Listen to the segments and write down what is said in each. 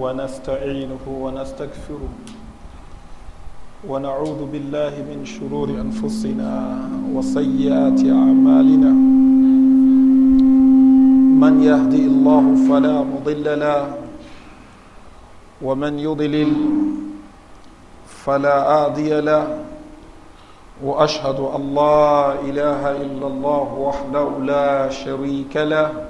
ونستعينه ونستكفره ونعوذ بالله من شرور أنفسنا وسيئات أعمالنا من يهدي الله فلا مضل له ومن يضلل فلا آدي له واشهد ان لا اله الا الله وحده لا شريك له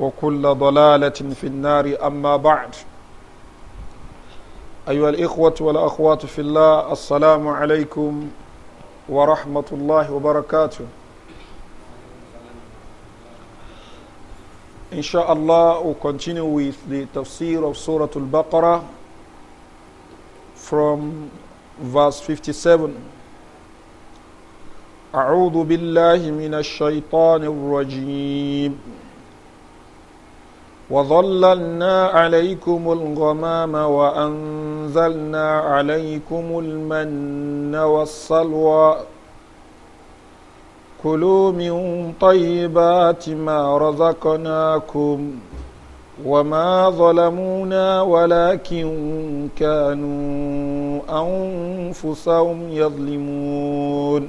وكل ضلالة في النار أما بعد أيها الإخوة والأخوات في الله السلام عليكم ورحمة الله وبركاته إن شاء الله we'll continue with the tafsir of Surah Al-Baqarah from verse 57 أعوذ بالله من الشيطان الرجيم وظللنا عليكم الغمام وأنزلنا عليكم المن والصلوى كلوا من طيبات ما رزقناكم وما ظلمونا ولكن كانوا أنفسهم يظلمون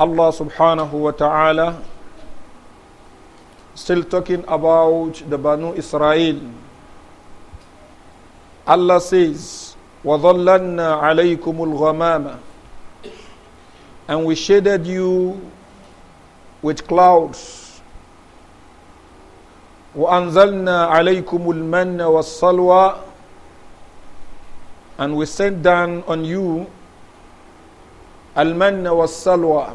الله سبحانه وتعالى Still talking about the Banu Israel. Allah says, وَظَلَّلْنَا عَلَيْكُمُ الْغَمَامَ And we shaded you with clouds. وَأَنزَلْنَا عَلَيْكُمُ الْمَنَّ وَالصَّلْوَى And we sent down on you al-manna was-salwa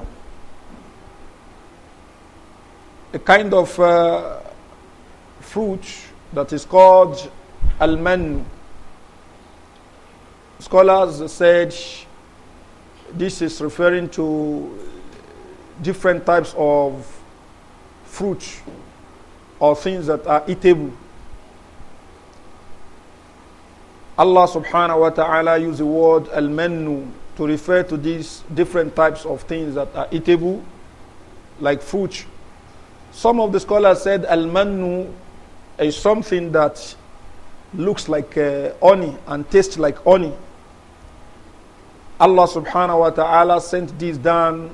a kind of uh, fruit that is called alman. Scholars said this is referring to different types of fruit or things that are eatable. Allah subhanahu wa ta'ala used the word al to refer to these different types of things that are eatable, like fruit some of the scholars said al mannu is something that looks like uh, honey and tastes like honey. Allah subhanahu wa ta'ala sent this down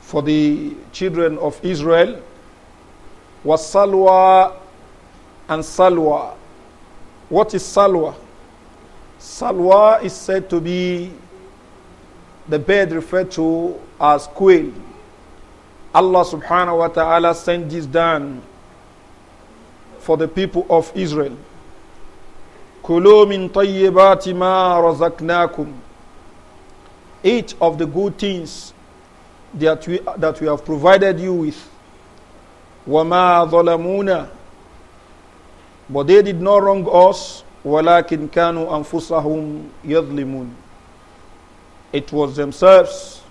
for the children of Israel. Was salwa and salwa. What is salwa? Salwa is said to be the bird referred to as quail. Allah subhanahu wa ta'ala sent this down for the people of Israel. Kulu min tayyibati ma razaqnakum. Eat of the good things that we, that we have provided you with. ma zalamuna, But they did not wrong us. وَلَكِنْ كَانُوا أَنفُسَهُمْ yadlimun. It was themselves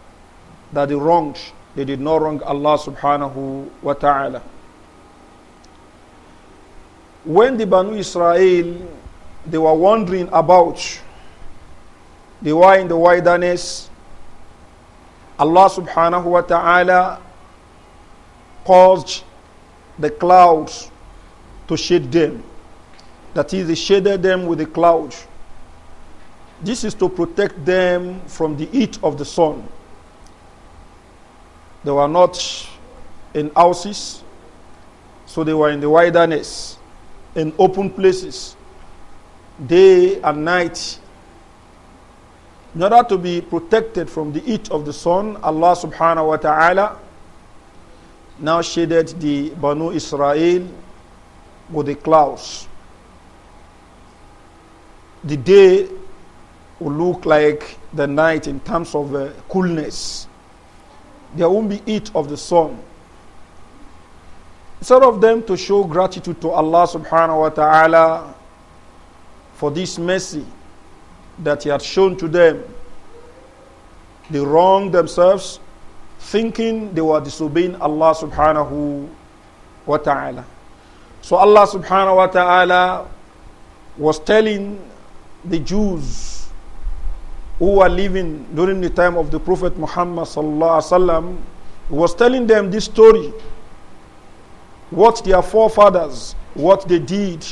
that they wronged they did not wrong Allah subhanahu wa ta'ala. When the Banu Israel, they were wandering about, they were in the wilderness, Allah subhanahu wa ta'ala caused the clouds to shade them. That is, he shaded them with the clouds. This is to protect them from the heat of the sun. They were not in houses, so they were in the wilderness, in open places, day and night. In order to be protected from the heat of the sun, Allah subhanahu wa ta'ala now shaded the Banu Israel with the clouds. The day will look like the night in terms of uh, coolness there won't be heat of the sun. Instead of them to show gratitude to Allah subhanahu wa ta'ala for this mercy that He had shown to them, they wronged themselves thinking they were disobeying Allah subhanahu wa ta'ala. So Allah subhanahu wa ta'ala was telling the Jews who were living during the time of the Prophet Muhammad sallam, was telling them this story, what their forefathers, what they did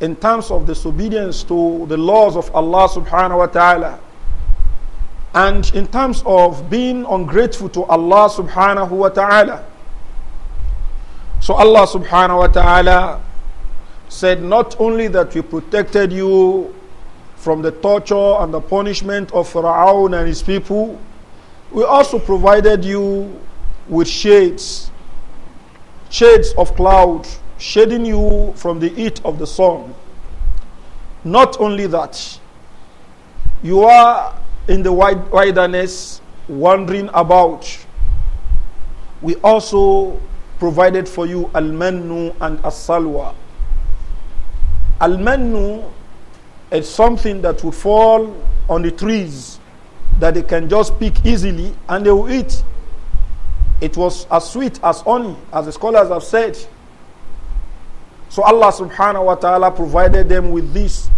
in terms of disobedience to the laws of Allah subhanahu wa ta'ala. And in terms of being ungrateful to Allah subhanahu wa ta'ala. So Allah subhanahu wa ta'ala said, Not only that we protected you from the torture and the punishment of Raoul and his people, we also provided you with shades, shades of cloud, shading you from the heat of the sun. Not only that, you are in the wilderness wandering about. We also provided for you al-mannu and as-salwa. Al-mannu it's something that will fall on the trees that they can just pick easily and they will eat. It was as sweet as honey, as the scholars have said. So Allah subhanahu wa ta'ala provided them with this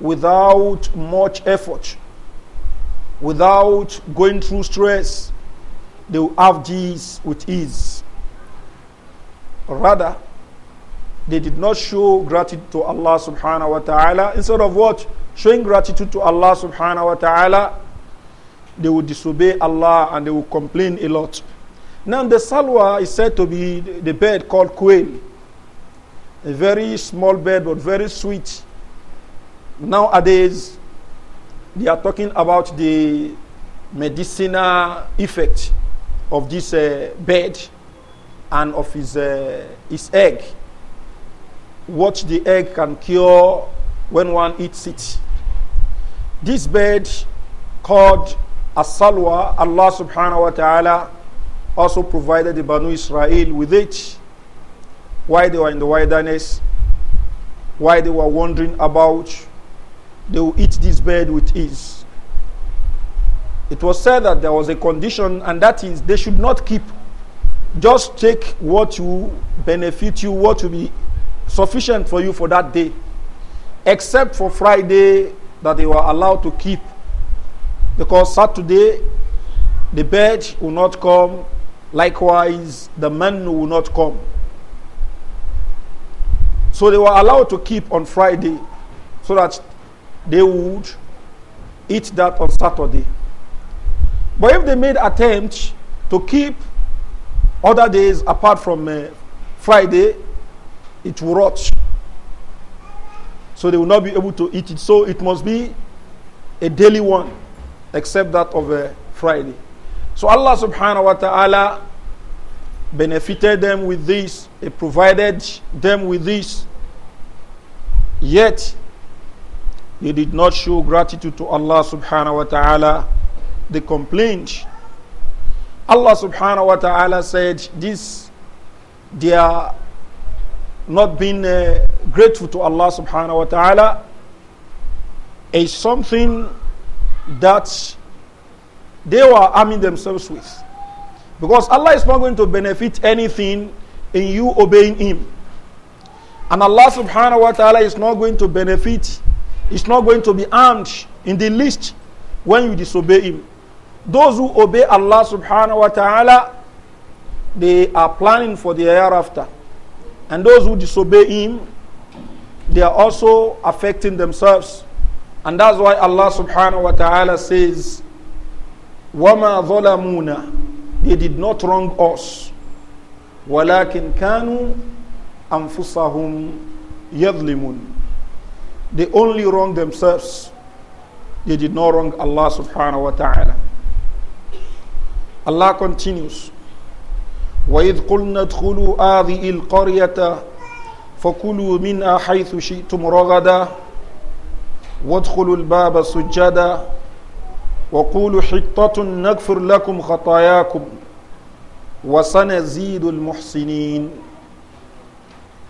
without much effort, without going through stress. They will have this with ease. Rather, they did not show gratitude to Allah subhanahu wa ta'ala. Instead of what? Showing gratitude to Allah subhanahu wa ta'ala, they will disobey Allah and they will complain a lot. Now, the salwa is said to be the bird called quail. A very small bird, but very sweet. Nowadays, they are talking about the medicinal effect of this uh, bird and of his, uh, his egg what the egg can cure when one eats it. This bird called Asalwa, Allah subhanahu wa ta'ala also provided the Banu Israel with it while they were in the wilderness, while they were wandering about, they will eat this bird with ease. It was said that there was a condition, and that is they should not keep. Just take what will benefit you, what will be sufficient for you for that day, except for Friday that they were allowed to keep, because Saturday the bird will not come, likewise the man will not come. So they were allowed to keep on Friday so that they would eat that on Saturday. But if they made attempt to keep other days apart from uh, Friday, it will rot. So they will not be able to eat it. So it must be a daily one, except that of a uh, Friday. So Allah subhanahu wa ta'ala benefited them with this, He provided them with this. Yet they did not show gratitude to Allah subhanahu wa ta'ala. They complained. Allah subhanahu wa ta'ala said this their not being uh, grateful to Allah subhanahu wa ta'ala is something that they were arming themselves with. Because Allah is not going to benefit anything in you obeying Him. And Allah subhanahu wa ta'ala is not going to benefit, it's not going to be armed in the least when you disobey Him. Those who obey Allah subhanahu wa ta'ala, they are planning for the hereafter. And those who disobey him, they are also affecting themselves. And that's why Allah subhanahu wa ta'ala says, وَمَا ظَلَمُونَا They did not wrong us. وَلَكِنْ كَانُوا أَنفُسَهُمْ يَظْلِمُونَ They only wrong themselves. They did not wrong Allah subhanahu wa ta'ala. Allah continues. وإذ قلنا ادخلوا هذه القرية فكلوا منها حيث شئتم رغدا وادخلوا الباب سجدا وقولوا حطة نغفر لكم خطاياكم وسنزيد المحسنين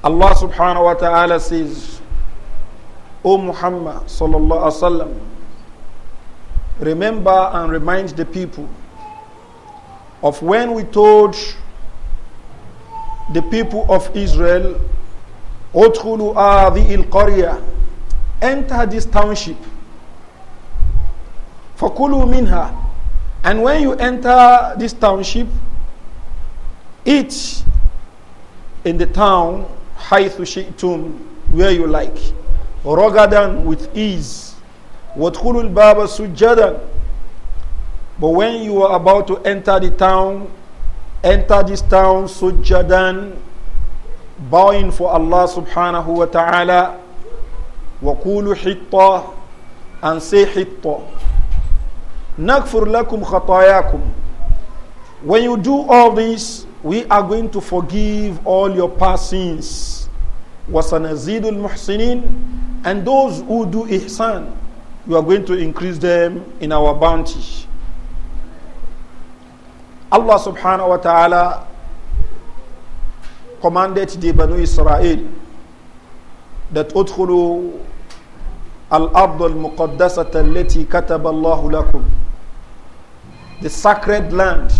الله سبحانه وتعالى says O Muhammad sallallahu alaihi wasallam remember and remind the people of when we told the people of Israel, Otkulu Adhi Qaryah, enter this township. Fakulu minha. And when you enter this township, eat in the town, haythu where you like. Rogadan with ease. Wadkhulul baba sujadan. But when you are about to enter the town, Enter this town sujadan bowing for Allah subhanahu wa ta'ala وقولوا حطة and say حطة نغفر لكم خطاياكم when you do all this we are going to forgive all your past sins وسنزيد المحسنين and those who do ihsan we are going to increase them in our bounty Allah subhanahu wa ta'ala commanded the Banu Israel that udkhulu al-ard al-muqaddasat allati kataba Allah lakum the sacred land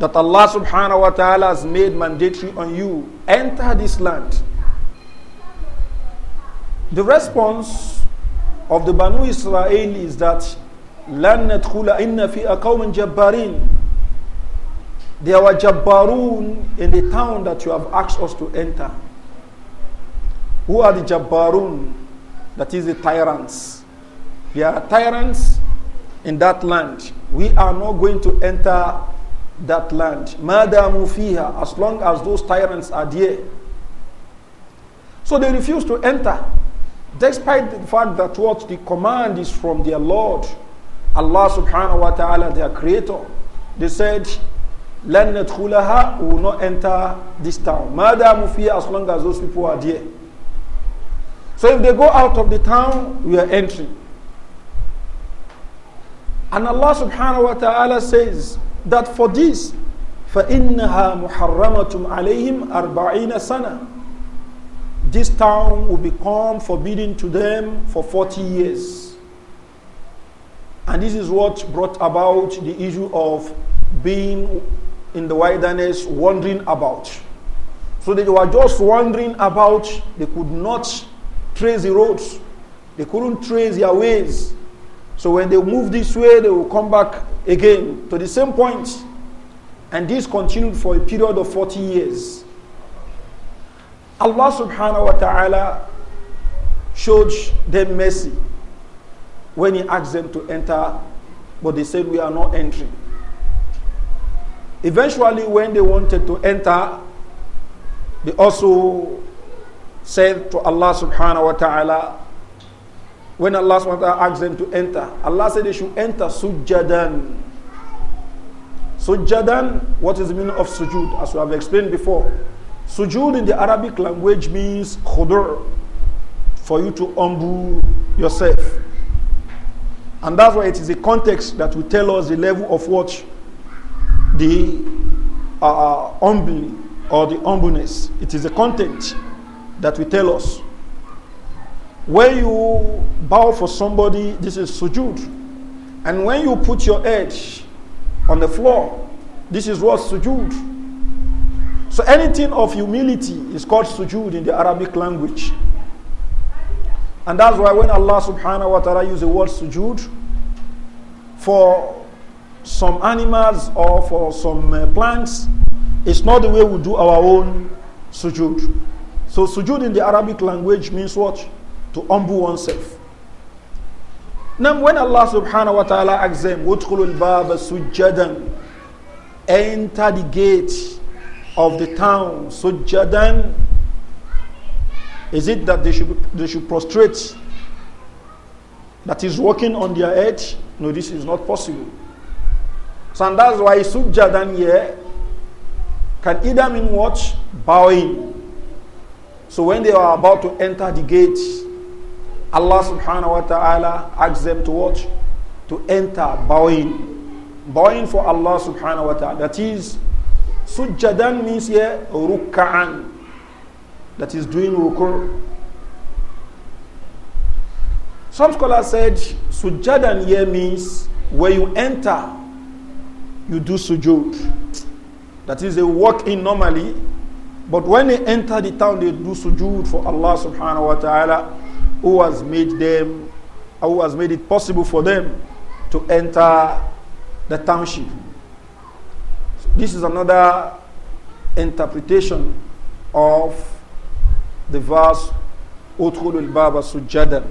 that Allah subhanahu wa ta'ala has made mandatory on you enter this land the response of the Banu Israel is that لن ندخل إن فيها قوم جبارين there were Jabbarun in the town that you have asked us to enter. Who are the Jabbarun? That is the tyrants. There are tyrants in that land. We are not going to enter that land. Madamu fiha, as long as those tyrants are there. So they refuse to enter, despite the fact that what the command is from their Lord, Allah subhanahu wa ta'ala, their creator. They said, لَنْ نَدْخُلَهَا We will not enter this town. مَادَامُ فِيهَا As long as those people are there. So if they go out of the town, we are entering. And Allah subhanahu wa ta'ala says that for this, فَإِنَّهَا مُحَرَّمَةٌ عَلَيْهِمْ أَرْبَعِينَ سَنَةً This town will become forbidden to them for 40 years. And this is what brought about the issue of being in the wilderness wandering about. So they were just wandering about. They could not trace the roads. They couldn't trace their ways. So when they move this way, they will come back again to the same point. And this continued for a period of 40 years. Allah subhanahu wa ta'ala showed them mercy when He asked them to enter, but they said, We are not entering. Eventually, when they wanted to enter, they also said to Allah subhanahu wa ta'ala, when Allah subhanahu wa ta'ala asked them to enter, Allah said they should enter sujadan. Sujadan, what is the meaning of sujud? As we have explained before, sujud in the Arabic language means khudur, for you to humble yourself. And that's why it is the context that will tell us the level of what the uh, uh, humbly or the humbleness. It is the content that will tell us. When you bow for somebody, this is sujud, And when you put your head on the floor, this is what sujud. So anything of humility is called sujud in the Arabic language. And that's why when Allah subhanahu wa ta'ala uses the word sujud for some animals or for some uh, plants. It's not the way we do our own sujud. So sujud in the Arabic language means what? To humble oneself. Now when Allah subhanahu wa ta'ala asks them, وَادْخُلُوا الْبَابَ سُجَّدًا Enter the gate of the town, sujadan. Is it that they should, they should prostrate? That is walking on their head? No, this is not possible. So and that's why sujjadan here can either mean what? Bowing. So when they are about to enter the gate, Allah subhanahu wa ta'ala asks them to watch, to enter bowing. Bowing for Allah subhanahu wa ta'ala. That is, sujjadan means here rukka'an. That is doing rukur. Some scholars said sujjadan here means where you enter you do sujood. That is, they walk in normally, but when they enter the town, they do sujood for Allah subhanahu wa ta'ala, who has made them, who has made it possible for them to enter the township. So this is another interpretation of the verse, Udkhulul Baba Sujadan.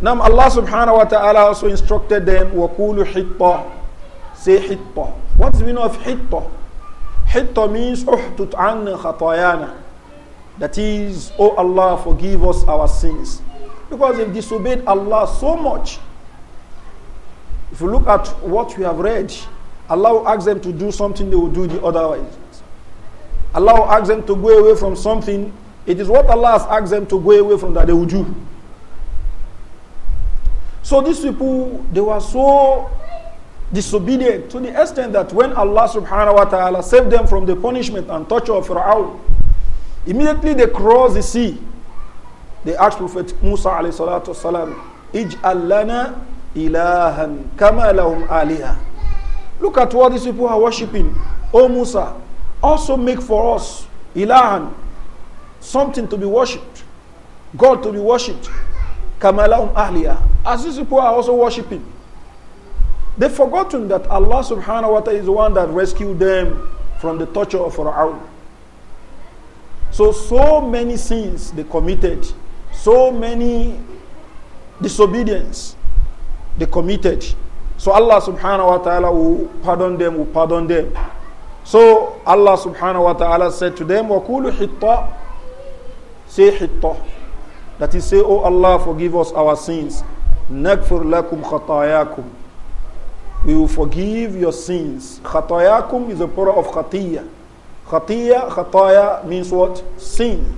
Now Allah subhanahu wa ta'ala also instructed them, وَقُولُوا حِطَّةً say hitta. What's the meaning of hitta? Hitta means uhtut an khatayana. That is, oh Allah, forgive us our sins. Because they've disobeyed Allah so much. If you look at what we have read, Allah will ask them to do something, they will do the otherwise. Allah will ask them to go away from something, it is what Allah has asked them to go away from that they will do. So these people, they were so disobedient to the extent that when Allah subhanahu wa ta'ala saved them from the punishment and torture of Fir'aun, immediately they crossed the sea. They asked Prophet Musa alayhi salatu wasalam, Ij'al lana ilahan kama lahum aliha. Look at what these people are worshipping. O Musa, also make for us ilahan, something to be worshipped, God to be worshipped, kama lahum alia. As these people are also worshipping. They've forgotten that Allah subhanahu wa ta'ala is the one that rescued them from the torture of Fir'aun. So, so many sins they committed, so many disobedience they committed. So Allah subhanahu wa ta'ala will pardon them, will pardon them. So Allah subhanahu wa ta'ala said to them, وَقُولُ حِطَّةً Say حِطَّةً That is, say, Oh Allah, forgive us our sins. نَكْفُرْ لَكُمْ خَطَايَاكُمْ we will forgive your sins. Khatayakum is a plural of khatiya. Khatiya, khataya means what? Sin.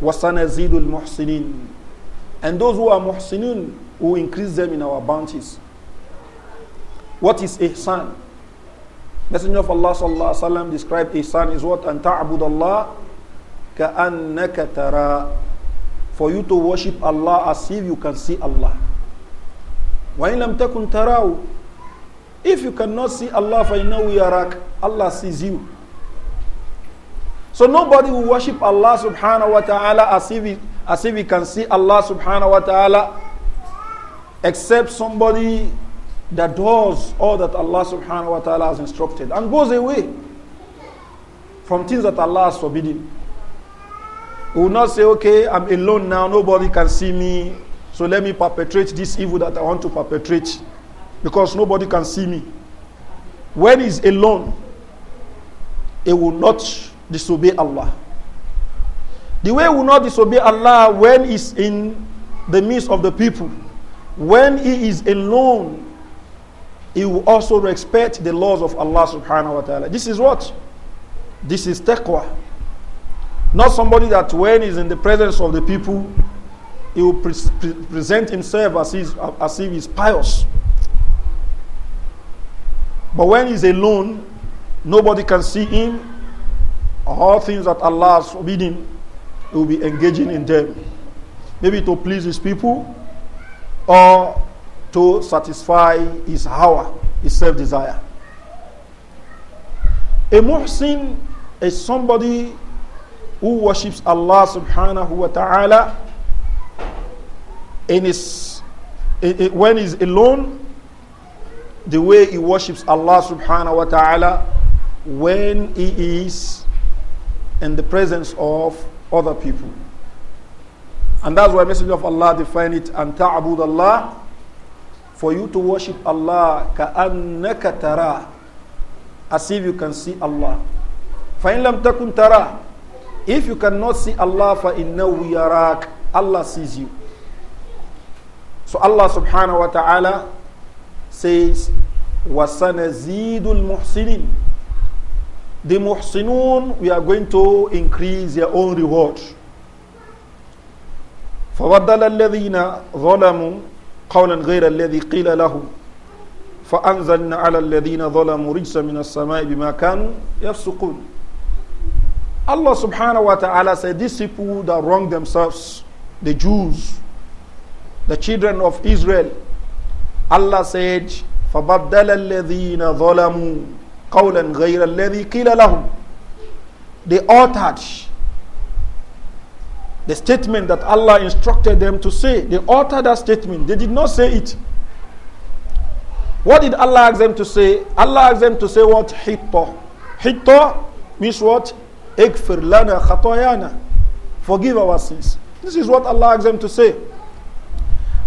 Wasanazidul الْمُحْسِنِينَ And those who are muhsinun, who increase them in our bounties. What is ihsan? Messenger of Allah sallallahu alaihi wasallam described ihsan is what? أَن تَعْبُدَ اللَّهَ كَأَنَّكَ تَرَى For you to worship Allah as if you can see Allah. وَإِن لَمْ تَكُنْ tarawu if you cannot see Allah, know we يَرَاكَ Allah sees you. So nobody will worship Allah subhanahu wa ta'ala as if, he, as if he can see Allah subhanahu wa ta'ala except somebody that does all that Allah subhanahu wa ta'ala has instructed and goes away from things that Allah has forbidden. We will not say, okay, I'm alone now, nobody can see me, so let me perpetrate this evil that I want to perpetrate because nobody can see me. When he's alone, he will not disobey Allah. The way he will not disobey Allah when he's in the midst of the people, when he is alone, he will also respect the laws of Allah subhanahu wa ta'ala. This is what? This is taqwa. Not somebody that when he's in the presence of the people, he will pre pre present himself as, as if he's pious. But when he's alone, nobody can see him. All things that Allah has forbidden, he will be engaging in them. Maybe to please his people or to satisfy his hour, his self desire. A muhsin is somebody who worships Allah subhanahu wa ta'ala in his, in, in, when he's alone the way he worships Allah subhanahu wa ta'ala when he is in the presence of other people. And that's why Messenger of Allah defined it and ta'abud Allah for you to worship Allah ka'annaka tara as if you can see Allah. فَإِن لَمْ تَكُنْ If you cannot see Allah, فَإِنَّهُ يَرَاكَ Allah sees you. So Allah subhanahu wa ta'ala says, "Wasanazidul muhsinin. The muhsinun, we are going to increase their own reward. فبدل الذين ظلموا قولا غير الذي قيل لهم فأنزلنا على الذين ظلموا رجسا من السماء بما كانوا يفسقون Allah subhanahu wa ta'ala said these people that wrong themselves the Jews the children of Israel Allah said, فَبَدَّلَ الَّذِينَ ظَلَمُوا قَوْلًا غَيْرَ الَّذِي قِيلَ لَهُمْ They altered the statement that Allah instructed them to say. They altered that statement. They did not say it. What did Allah ask them to say? Allah asked them to say what? Hitto. Hitto means what? Ikfir lana khatoyana. Forgive our sins. This is what Allah asked them to say.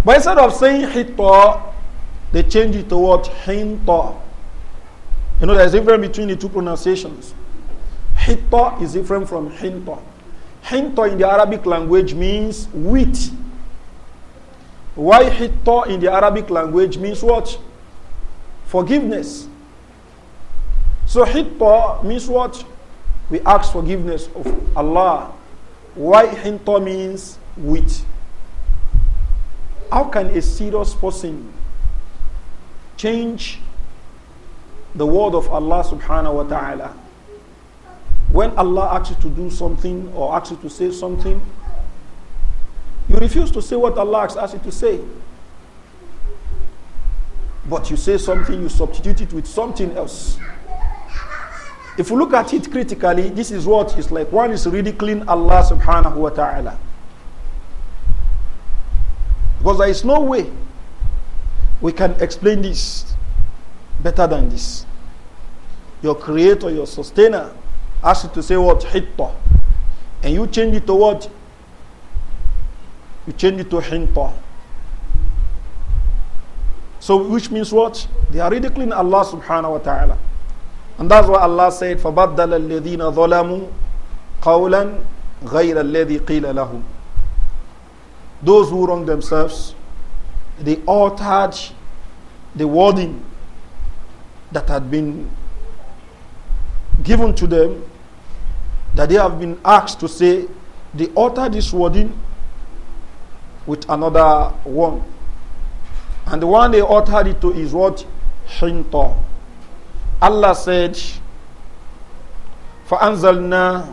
But instead of saying Hitto, they change it to what? Hinta. You know, there's a difference between the two pronunciations. Hinta is different from hinta. Hinta in the Arabic language means wheat. Why hinta in the Arabic language means what? Forgiveness. So hinta means what? We ask forgiveness of Allah. Why hinta means wheat. How can a serious person change the word of Allah subhanahu wa ta'ala. When Allah asks you to do something or asks you to say something, you refuse to say what Allah asks you to say. But you say something, you substitute it with something else. If you look at it critically, this is what it's like. One is ridiculing Allah subhanahu wa ta'ala. Because there is no way we can explain this better than this. Your creator, your sustainer, asks you to say what? Hitta. And you change it to what? You change it to Hinta. So, which means what? They are ridiculing Allah subhanahu wa ta'ala. And that's why Allah said, فَبَدَّلَ الَّذِينَ ظَلَمُوا قَوْلًا غَيْرَ الَّذِي قِيلَ لَهُمْ Those who wrong themselves, they altered the wording that had been given to them, that they have been asked to say, they altered this wording with another one. And the one they altered it to is what? Hinta. Allah said, فأنزلنا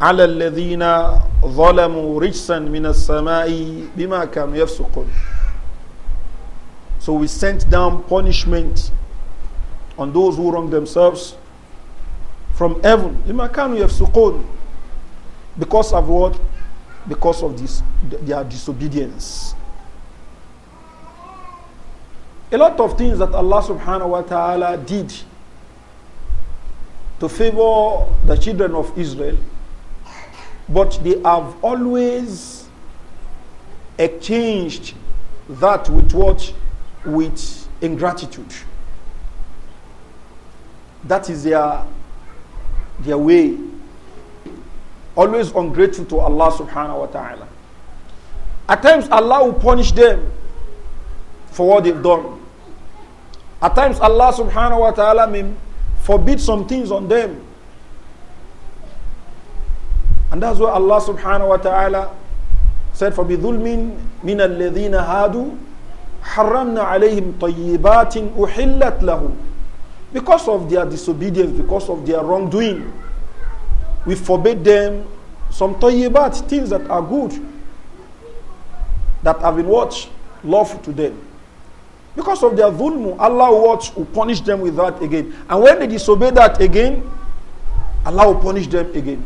على الذين ظلموا رجسا من السماء بما كانوا يفسقون so we sent down punishment on those who wrong themselves from heaven. Because of what? Because of this, their disobedience. A lot of things that Allah subhanahu wa ta'ala did to favor the children of Israel, but they have always exchanged that with what with ingratitude. That is their, their way. Always ungrateful to Allah subhanahu wa ta'ala. At times, Allah will punish them for what they've done. At times, Allah subhanahu wa ta'ala may forbid some things on them. And that's why Allah subhanahu wa ta'ala said, فَبِظُلْمٍ مِنَ ladina hadu." haramna alayhim tayyibatin uhillat lahum because of their disobedience because of their wrongdoing we forbid them some tayyibat things that are good that have been watched lawful to them because of their dhulmu allah watch will punish them with that again and when they disobey that again allah will punish them again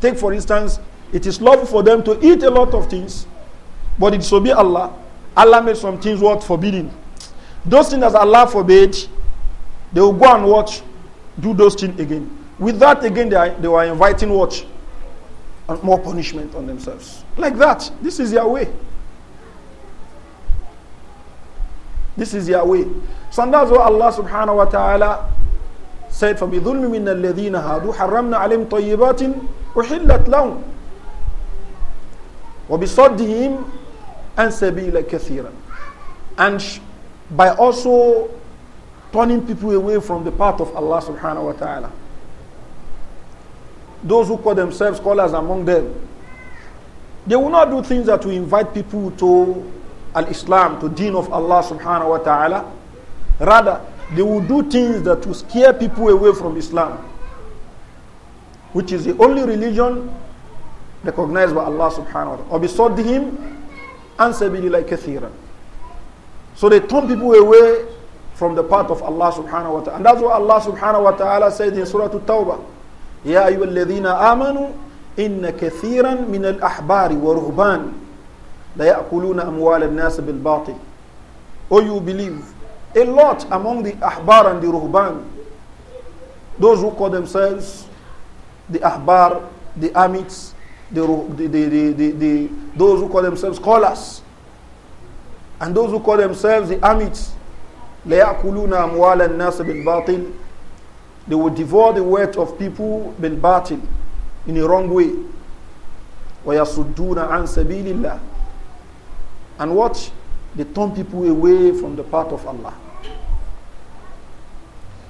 take for instance it is love for them to eat a lot of things but they disobey allah Allah made some things what forbidden. Those things that Allah forbade, they will go and watch, do those things again. With that again, they are, they were inviting watch and more punishment on themselves. Like that. This is their way. This is their way. So that's what Allah subhanahu wa ta'ala said, فَبِظُلْمِ مِنَّ الَّذِينَ هَادُوا حَرَّمْنَا عَلَيْهِمْ طَيِّبَاتٍ أُحِلَّتْ لَهُمْ وَبِصَدِّهِمْ and sabila kathiran. And by also turning people away from the path of Allah subhanahu wa ta'ala. Those who call themselves scholars among them, they will not do things that will invite people to al-Islam, to deen of Allah subhanahu wa ta'ala. Rather, they will do things that will scare people away from Islam, which is the only religion recognized by Allah subhanahu wa ta'ala. Or besought him كثيرا so they turn people away from the path of Allah subhanahu wa ta'ala. And that's what Allah subhanahu wa ta'ala said in Surah At-Tawbah. يَا أَيُّهَا الَّذِينَ آمَنُوا إِنَّ كَثِيرًا مِنَ الْأَحْبَارِ وَرُهْبَانِ لَيَأْكُلُونَ أَمْوَالَ النَّاسِ بِالْبَاطِلِ Oh, you believe, a lot among the ahbar and the ruhban, those who call themselves the ahbar, the amits, the, the, the, the, those who call themselves scholars and those who call themselves the amits. لَيَأْكُلُونَ أَمْوَالَ النَّاسِ بِالْبَاطِلِ They will devour the wealth of people بِالْبَاطِلِ in a wrong way. وَيَصُدُّونَ عَنْ سَبِيلِ اللَّهِ And watch, they turn people away from the path of Allah.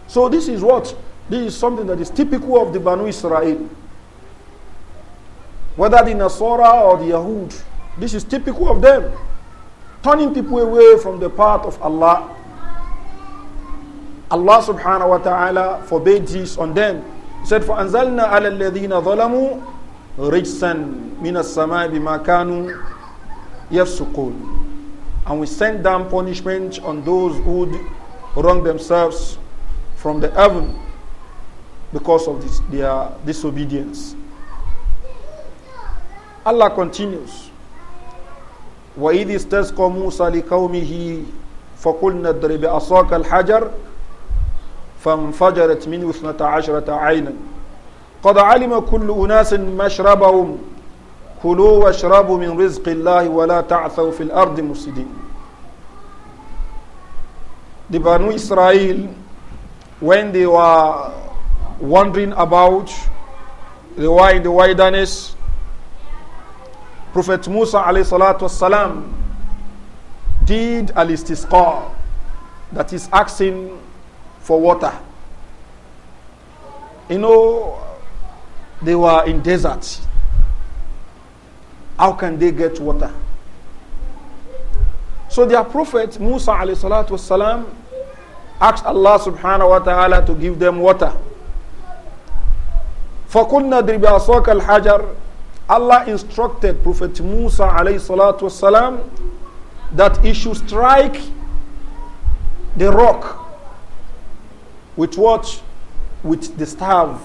So this is what? This is something that is typical of the Banu Israel whether the Nasara or the Yahud. This is typical of them, turning people away from the path of Allah. Allah subhanahu wa ta'ala forbade this on them. He said, For Anzalna الَّذِينَ ظَلَمُوا رِجْسًا مِنَ السَّمَاءِ بِمَا كَانُوا يَفْسُقُونَ And we sent down punishment on those who wrong themselves from the heaven because of this, their disobedience. Allah continues. وَإِذِ اسْتَسْقَ مُوسَى لِقَوْمِهِ فَقُلْنَا اضْرِبْ عَصَاكَ الْحَجَرَ فَانْفَجَرَتْ مِنْهُ اثْنَتَا عَشْرَةَ عَيْنًا قَدْ عَلِمَ كُلُّ أُنَاسٍ مَشْرَبَهُمْ كُلُوا وَاشْرَبُوا مِنْ رِزْقِ اللَّهِ وَلَا تَعْثَوْا فِي الْأَرْضِ مُفْسِدِينَ The Banu Israel, when they were wandering about, they were in the wilderness, Prophet Musa alayhi salam did al istisqa, that is asking for water. You know, they were in desert. How can they get water? So their prophet Musa alayhi salam asked Allah subhanahu wa ta'ala to give them water. فَقُلْنَا دِرْبَ أَصَوَكَ الْحَجَرِ Allah instructed Prophet Musa alayhi that he should strike the rock with what? With the staff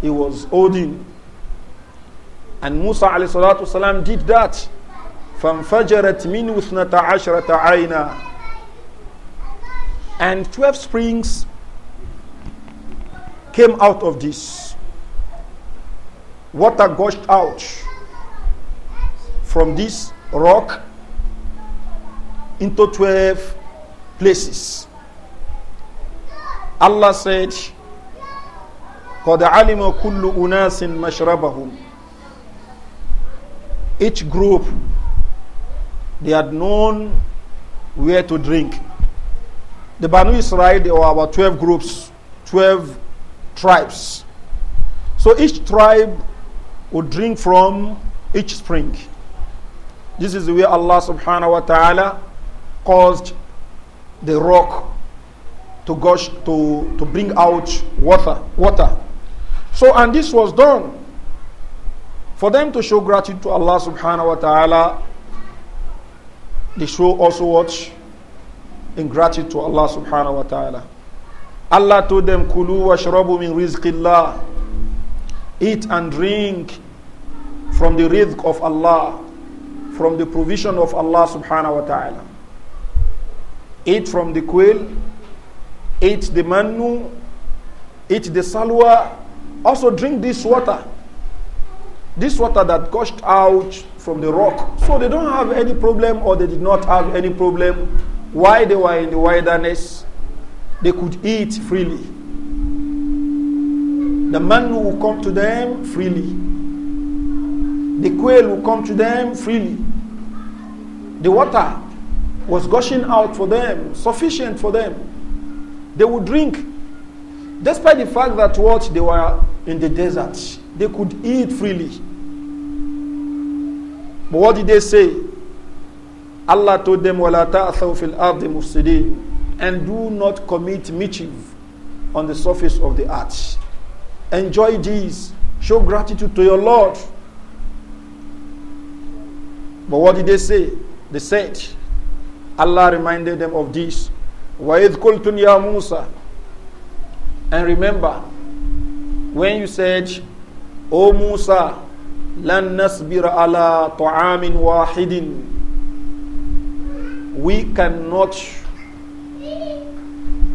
he was holding. And Musa alayhi salatu wasalam did that. فَانْفَجَرَتْ مِنْهُ اثْنَةَ عَشْرَةَ عَيْنًا And twelve springs came out of this. water gushed out from this rock into 12 places. Allah said, قَدْ عَلِمَ كُلُّ أُنَاسٍ مَشْرَبَهُمْ Each group, they had known where to drink. The Banu Israel, there were about 12 groups, 12 tribes. So each tribe would drink from each spring. This is the way Allah subhanahu wa ta'ala caused the rock to gush to, to bring out water water. So and this was done for them to show gratitude to Allah subhanahu wa ta'ala. They show also what? Ingratitude to Allah subhanahu wa ta'ala. Allah told them, Kulu washrabu min rizqillah eat and drink from the rizq of Allah, from the provision of Allah subhanahu wa ta'ala. Eat from the quail, eat the manu, eat the salwa, also drink this water. This water that gushed out from the rock. So they don't have any problem or they did not have any problem. Why they were in the wilderness, they could eat freely. The man will come to them freely. The quail will come to them freely. The water was gushing out for them, sufficient for them. They would drink. Despite the fact that what they were in the desert, they could eat freely. But what did they say? Allah told them, وَلَا تَأْثَوْا فِي الْأَرْضِ مُفْسِدِينَ And do not commit mischief on the surface of the earth. Enjoy this. Show gratitude to your Lord. But what did they say? They said, Allah reminded them of this. وَإِذْ قُلْتُمْ يَا Musa. And remember, when you said, O Musa, لَن نَصْبِرَ عَلَى طَعَامٍ وَاحِدٍ We cannot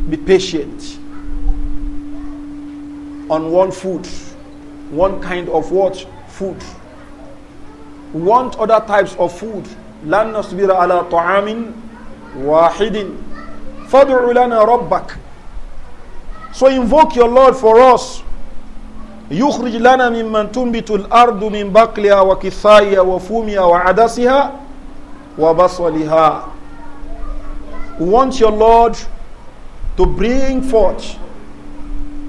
be patient on one food, one kind of what? Food. Want other types of food. لن نصبر على طعام واحد فادع لنا ربك So invoke your Lord for us. يخرج لنا ممن تنبت الأرض من بقلها وكثائها وفومها وعدسها وبصلها. Want your Lord to bring forth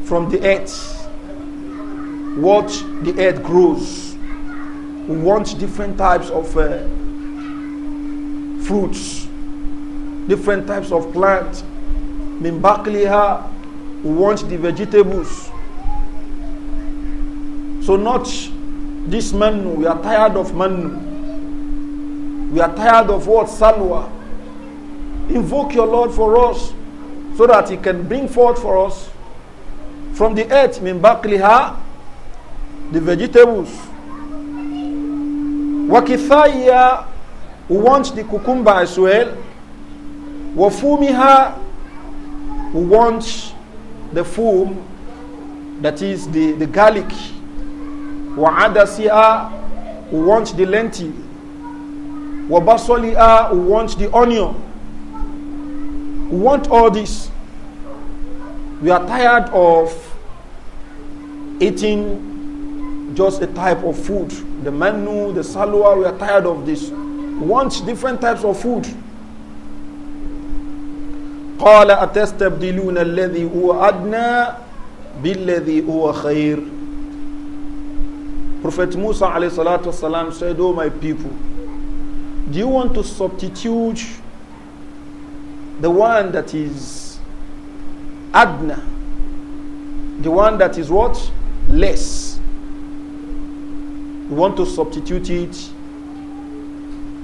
from the earth. What the earth grows. We want different types of uh, fruits, different types of plants. Mimbakliha, bakliha, we want the vegetables. So not this manu, we are tired of manu. We are tired of what? Salwa. Invoke your Lord for us so that he can bring forth for us from the earth min bakliha the vegetables wakithaya who wants the cucumber as well wafumiha who wants the fum that is the, the garlic waadasiha who wants the lentil wabasoliha who wants the onion who want all this We are tired of eating just a type of food. The menu, the salwa, we are tired of this. We want different types of food. قال أتستبدلون الذي هو أدنى بالذي هو خير Prophet Musa والسلام, said, Oh my people, do you want to substitute the one that is adna the one that is what less you want to substitute it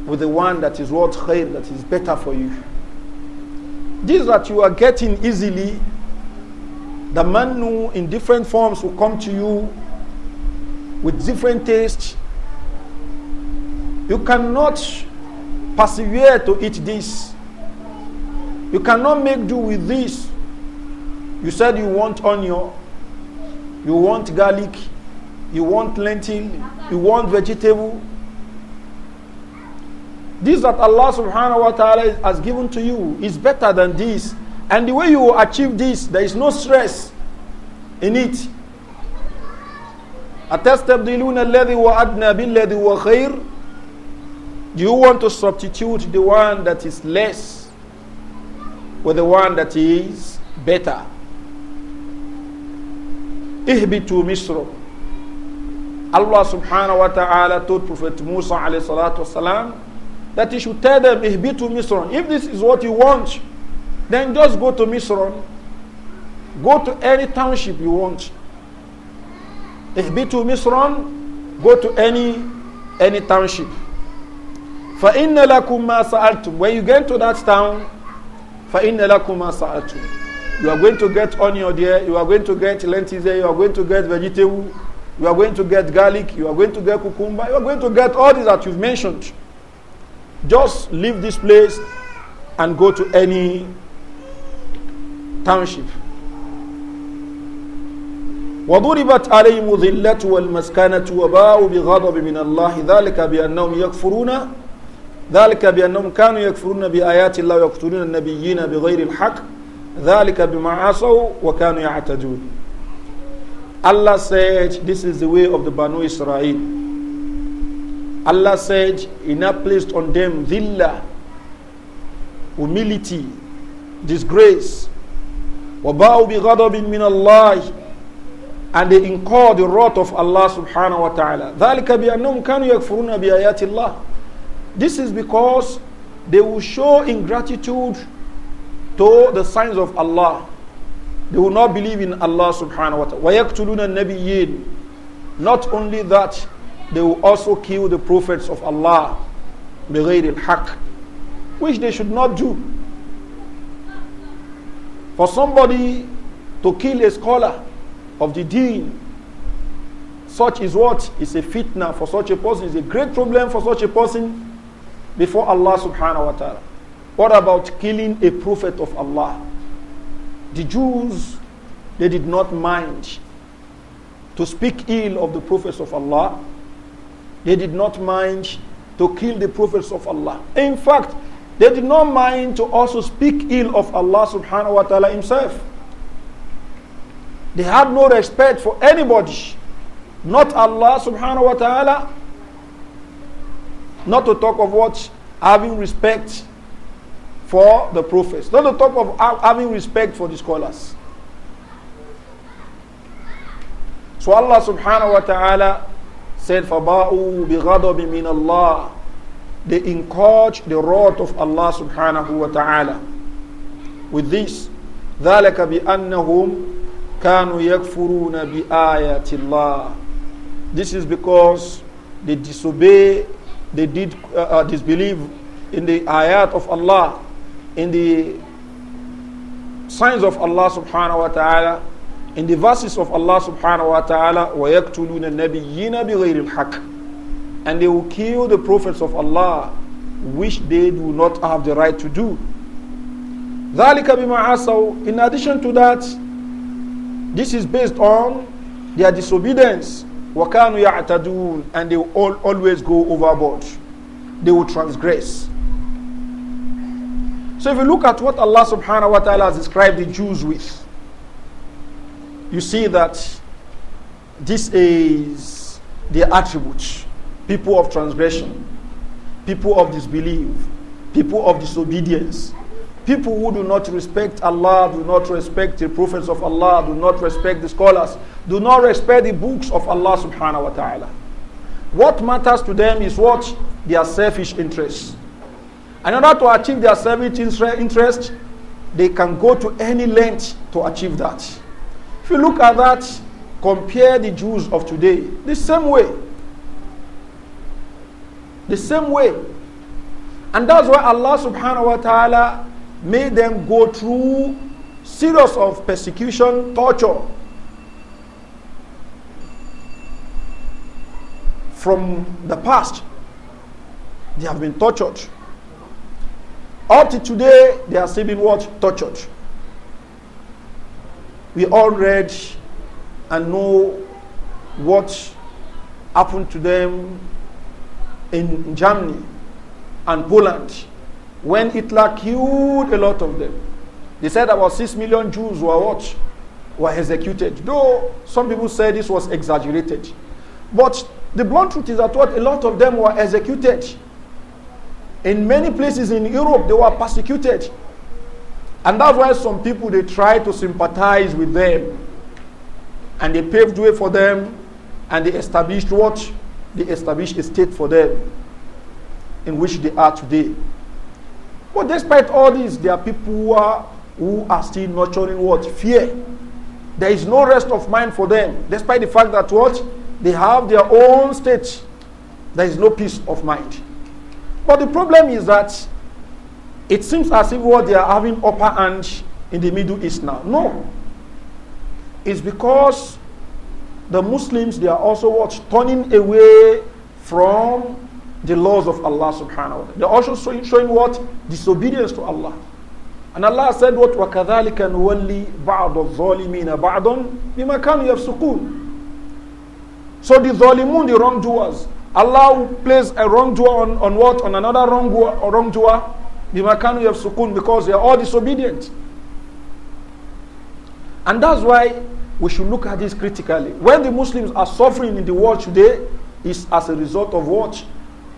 with the one that is what khair that is better for you this that you are getting easily the manu in different forms will come to you with different tastes you cannot persevere to eat this you cannot make do with this you said you want onion, you want garlic, you want lentil, you want vegetable. This that Allah subhanahu wa ta'ala has given to you is better than this. And the way you achieve this, there is no stress in it. Do you want to substitute the one that is less with the one that is better? ihbitu misro allah subhanahu wa ta'ala told prophet musa alayhi salatu wasalam that he should tell them ihbitu misro if this is what you want then just go to misro go to any township you want ihbitu misro go to any any township فَإِنَّ لَكُمْ مَا سَأَلْتُمْ When you get to that town, فَإِنَّ لَكُمْ مَا سَأَلْتُمْ You are going to get onion there, you are going to get lentils there, you are going to get vegetable, you are going to get garlic, you are going to get cucumber, you are going to get all these that you've mentioned. Just leave this place and go to any township. وضربت عليهم الذلة والمسكنة وباءوا بغضب من الله ذلك بأنهم يكفرون ذلك بأنهم كانوا يكفرون بآيات الله ويقتلون النبيين بغير الحق Dhalika bima asaw wa kanu ya'tadun. Allah said, This is the way of the Banu Israel. Allah said, He now placed on them dhillah, humility, disgrace. وَبَاءُ بِغَضَبٍ مِّنَ اللَّهِ And they incur the wrath of Allah subhanahu wa ta'ala. ذَلِكَ بِأَنَّهُمْ كَانُوا يَكْفُرُونَ بِآيَاتِ اللَّهِ This is because they will show ingratitude to the signs of Allah. They will not believe in Allah subhanahu wa ta'ala. النَّبِيِّينَ Not only that, they will also kill the prophets of Allah الْحَقِّ Which they should not do. For somebody to kill a scholar of the deen, such is what is a fitna for such a person, is a great problem for such a person before Allah subhanahu wa ta'ala. What about killing a prophet of Allah? The Jews, they did not mind to speak ill of the prophets of Allah. They did not mind to kill the prophets of Allah. In fact, they did not mind to also speak ill of Allah subhanahu wa ta'ala himself. They had no respect for anybody, not Allah subhanahu wa ta'ala, not to talk of what having respect for the prophets. Not the talk of having respect for the scholars. So Allah subhanahu wa ta'ala said, فَبَاءُوا بِغَضَبٍ min Allah." They encourage the wrath of Allah subhanahu wa ta'ala. With this, ذَلَكَ بِأَنَّهُمْ كَانُوا يَكْفُرُونَ bi اللَّهِ This is because they disobey, they did uh, uh disbelieve in the ayat of Allah in the signs of Allah subhanahu wa ta'ala, in the verses of Allah subhanahu wa ta'ala, وَيَقْتُلُونَ النَّبِيِّينَ بِغَيْرِ الْحَقِّ And they will kill the prophets of Allah, which they do not have the right to do. ذَلِكَ بِمَا عَصَوْا In addition to that, this is based on their disobedience. وَكَانُوا يَعْتَدُونَ And they will always go overboard. They will transgress. So if you look at what Allah subhanahu wa ta'ala has described the Jews with, you see that this is their attributes: People of transgression, people of disbelief, people of disobedience, people who do not respect Allah, do not respect the prophets of Allah, do not respect the scholars, do not respect the books of Allah subhanahu wa ta'ala. What matters to them is what? Their selfish interests. And in order to achieve their selfish interest, they can go to any length to achieve that. If you look at that, compare the Jews of today, the same way. The same way. And that's why Allah subhanahu wa ta'ala made them go through series of persecution, torture. From the past, they have been tortured. Up to today, they are still being what? Tortured. We all read and know what happened to them in Germany and Poland when Hitler killed a lot of them. They said about 6 million Jews were what? Were executed. Though some people say this was exaggerated. But the blunt truth is that what a lot of them were executed in many places in Europe, they were persecuted. And that's why some people, they try to sympathize with them. And they paved way for them. And they established what? They established a state for them in which they are today. But despite all this, there are people who are, who are still nurturing what? Fear. There is no rest of mind for them, despite the fact that what? They have their own state. There is no peace of mind. But the problem is that it seems as if what they are having upper hand in the Middle East now. No. It's because the Muslims they are also what turning away from the laws of Allah subhanahu wa ta'ala. They're also showing, showing what? Disobedience to Allah. And Allah said what وَكَذَلِكَ نُوَلِّي بَعْضَ الظَّالِمِينَ بَعْضًا بِمَا كَانُوا يَفْسُقُونَ So the zalimun, the wrongdoers, Allah will place a wrongdoer on, on what? On another wrongdoer, wrongdoer bimakanu yafsukun because they are all disobedient. And that's why we should look at this critically. When the Muslims are suffering in the world today, is as a result of what?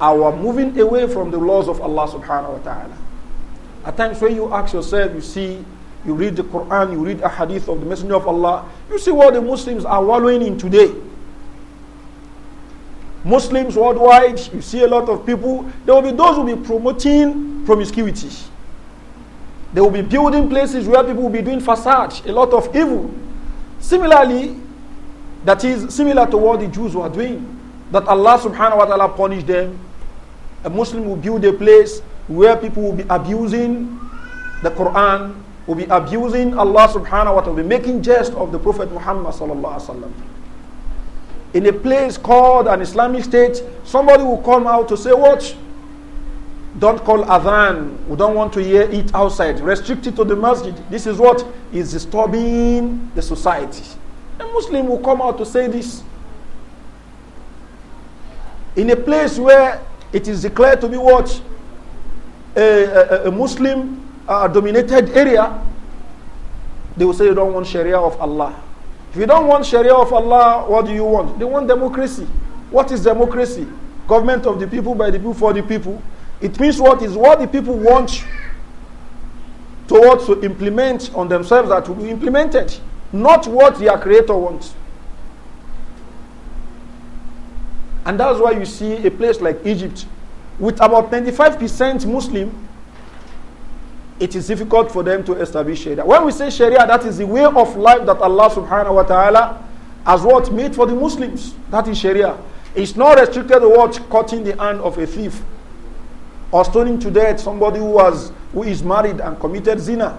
Our moving away from the laws of Allah subhanahu wa ta'ala. At times when you ask yourself, you see, you read the Quran, you read a hadith of the Messenger of Allah, you see what the Muslims are wallowing in today. Muslims worldwide, you see a lot of people, there will be those who will be promoting promiscuity. They will be building places where people will be doing facade, a lot of evil. Similarly, that is similar to what the Jews were doing, that Allah subhanahu wa ta'ala punished them. A Muslim will build a place where people will be abusing the Quran, will be abusing Allah subhanahu wa ta'ala, will be making jest of the Prophet Muhammad sallallahu alaihi wasallam in a place called an Islamic state, somebody will come out to say, Watch, don't call Adhan. We don't want to hear it outside. Restrict it to the masjid. This is what is disturbing the society. A Muslim will come out to say this. In a place where it is declared to be what? A, a, a Muslim uh, dominated area, they will say you don't want Sharia of Allah. If you don't want Sharia of Allah, what do you want? They want democracy. What is democracy? Government of the people, by the people, for the people. It means what is what the people want towards to implement on themselves that will be implemented, not what their creator wants. And that's why you see a place like Egypt with about 95% Muslim, it is difficult for them to establish Sharia. When we say Sharia, that is the way of life that Allah subhanahu wa ta'ala has what made for the Muslims. That is Sharia. It's not restricted to what cutting the hand of a thief or stoning to death somebody who has who is married and committed zina.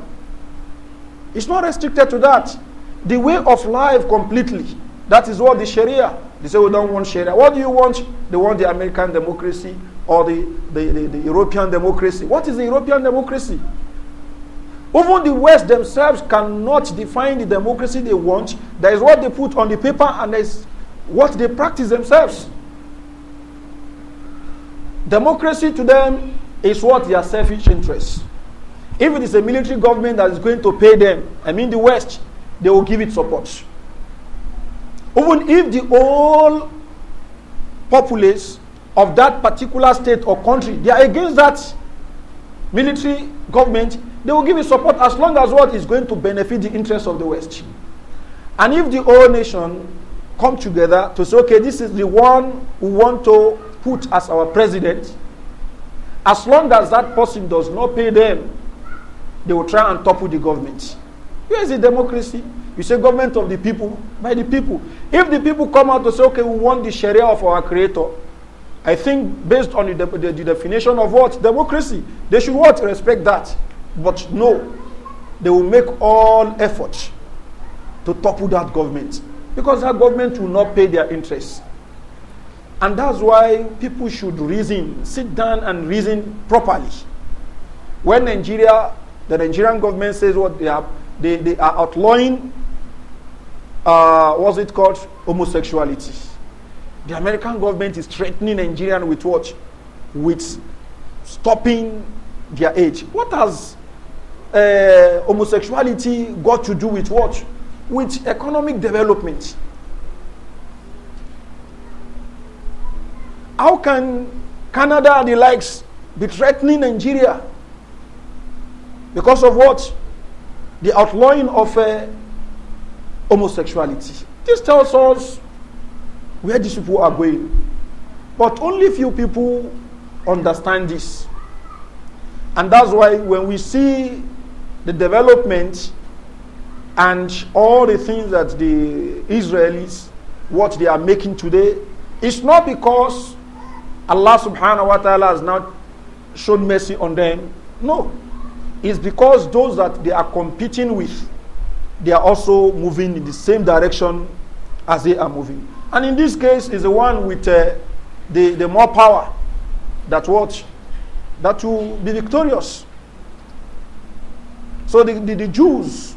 It's not restricted to that. The way of life completely. That is what the Sharia. They say we don't want Sharia. What do you want? They want the American democracy or the, the, the, the European democracy. What is the European democracy? Even the West themselves cannot define the democracy they want. That is what they put on the paper and that is what they practice themselves. Democracy to them is what their selfish interests. If it is a military government that is going to pay them, I mean the West, they will give it support. Even if the whole populace of that particular state or country, they are against that military government, they will give you support as long as what is going to benefit the interests of the West. And if the whole nation come together to say, okay, this is the one we want to put as our president, as long as that person does not pay them, they will try and topple the government. Here is a democracy. You say government of the people, by the people. If the people come out to say, okay, we want the Sharia of our creator, I think based on the, the, the, definition of what? Democracy. They should what? Respect that. But no, they will make all efforts to topple that government because that government will not pay their interests. And that's why people should reason, sit down and reason properly. When Nigeria, the Nigerian government says what they are, they, they are outlawing, uh, what's it called? Homosexuality the American government is threatening Nigerian with what? With stopping their age. What has uh, homosexuality got to do with what? With economic development. How can Canada and the likes be threatening Nigeria because of what? The outlawing of uh, homosexuality. This tells us where these people are going. But only few people understand this. And that's why when we see the development and all the things that the Israelis, what they are making today, it's not because Allah subhanahu wa ta'ala has not shown mercy on them. No. It's because those that they are competing with, they are also moving in the same direction as they are moving. And in this case, is the one with uh, the, the more power that what? That will be victorious. So the, the, the Jews,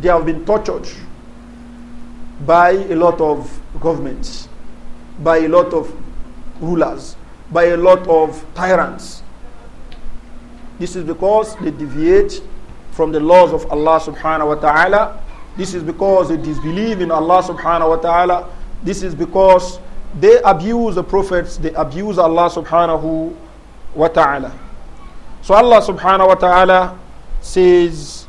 they have been tortured by a lot of governments, by a lot of rulers, by a lot of tyrants. This is because they deviate from the laws of Allah subhanahu wa ta'ala. This is because they disbelieve in Allah subhanahu wa ta'ala. This is because they abuse the prophets, they abuse Allah subhanahu wa ta'ala. So Allah subhanahu wa ta'ala says,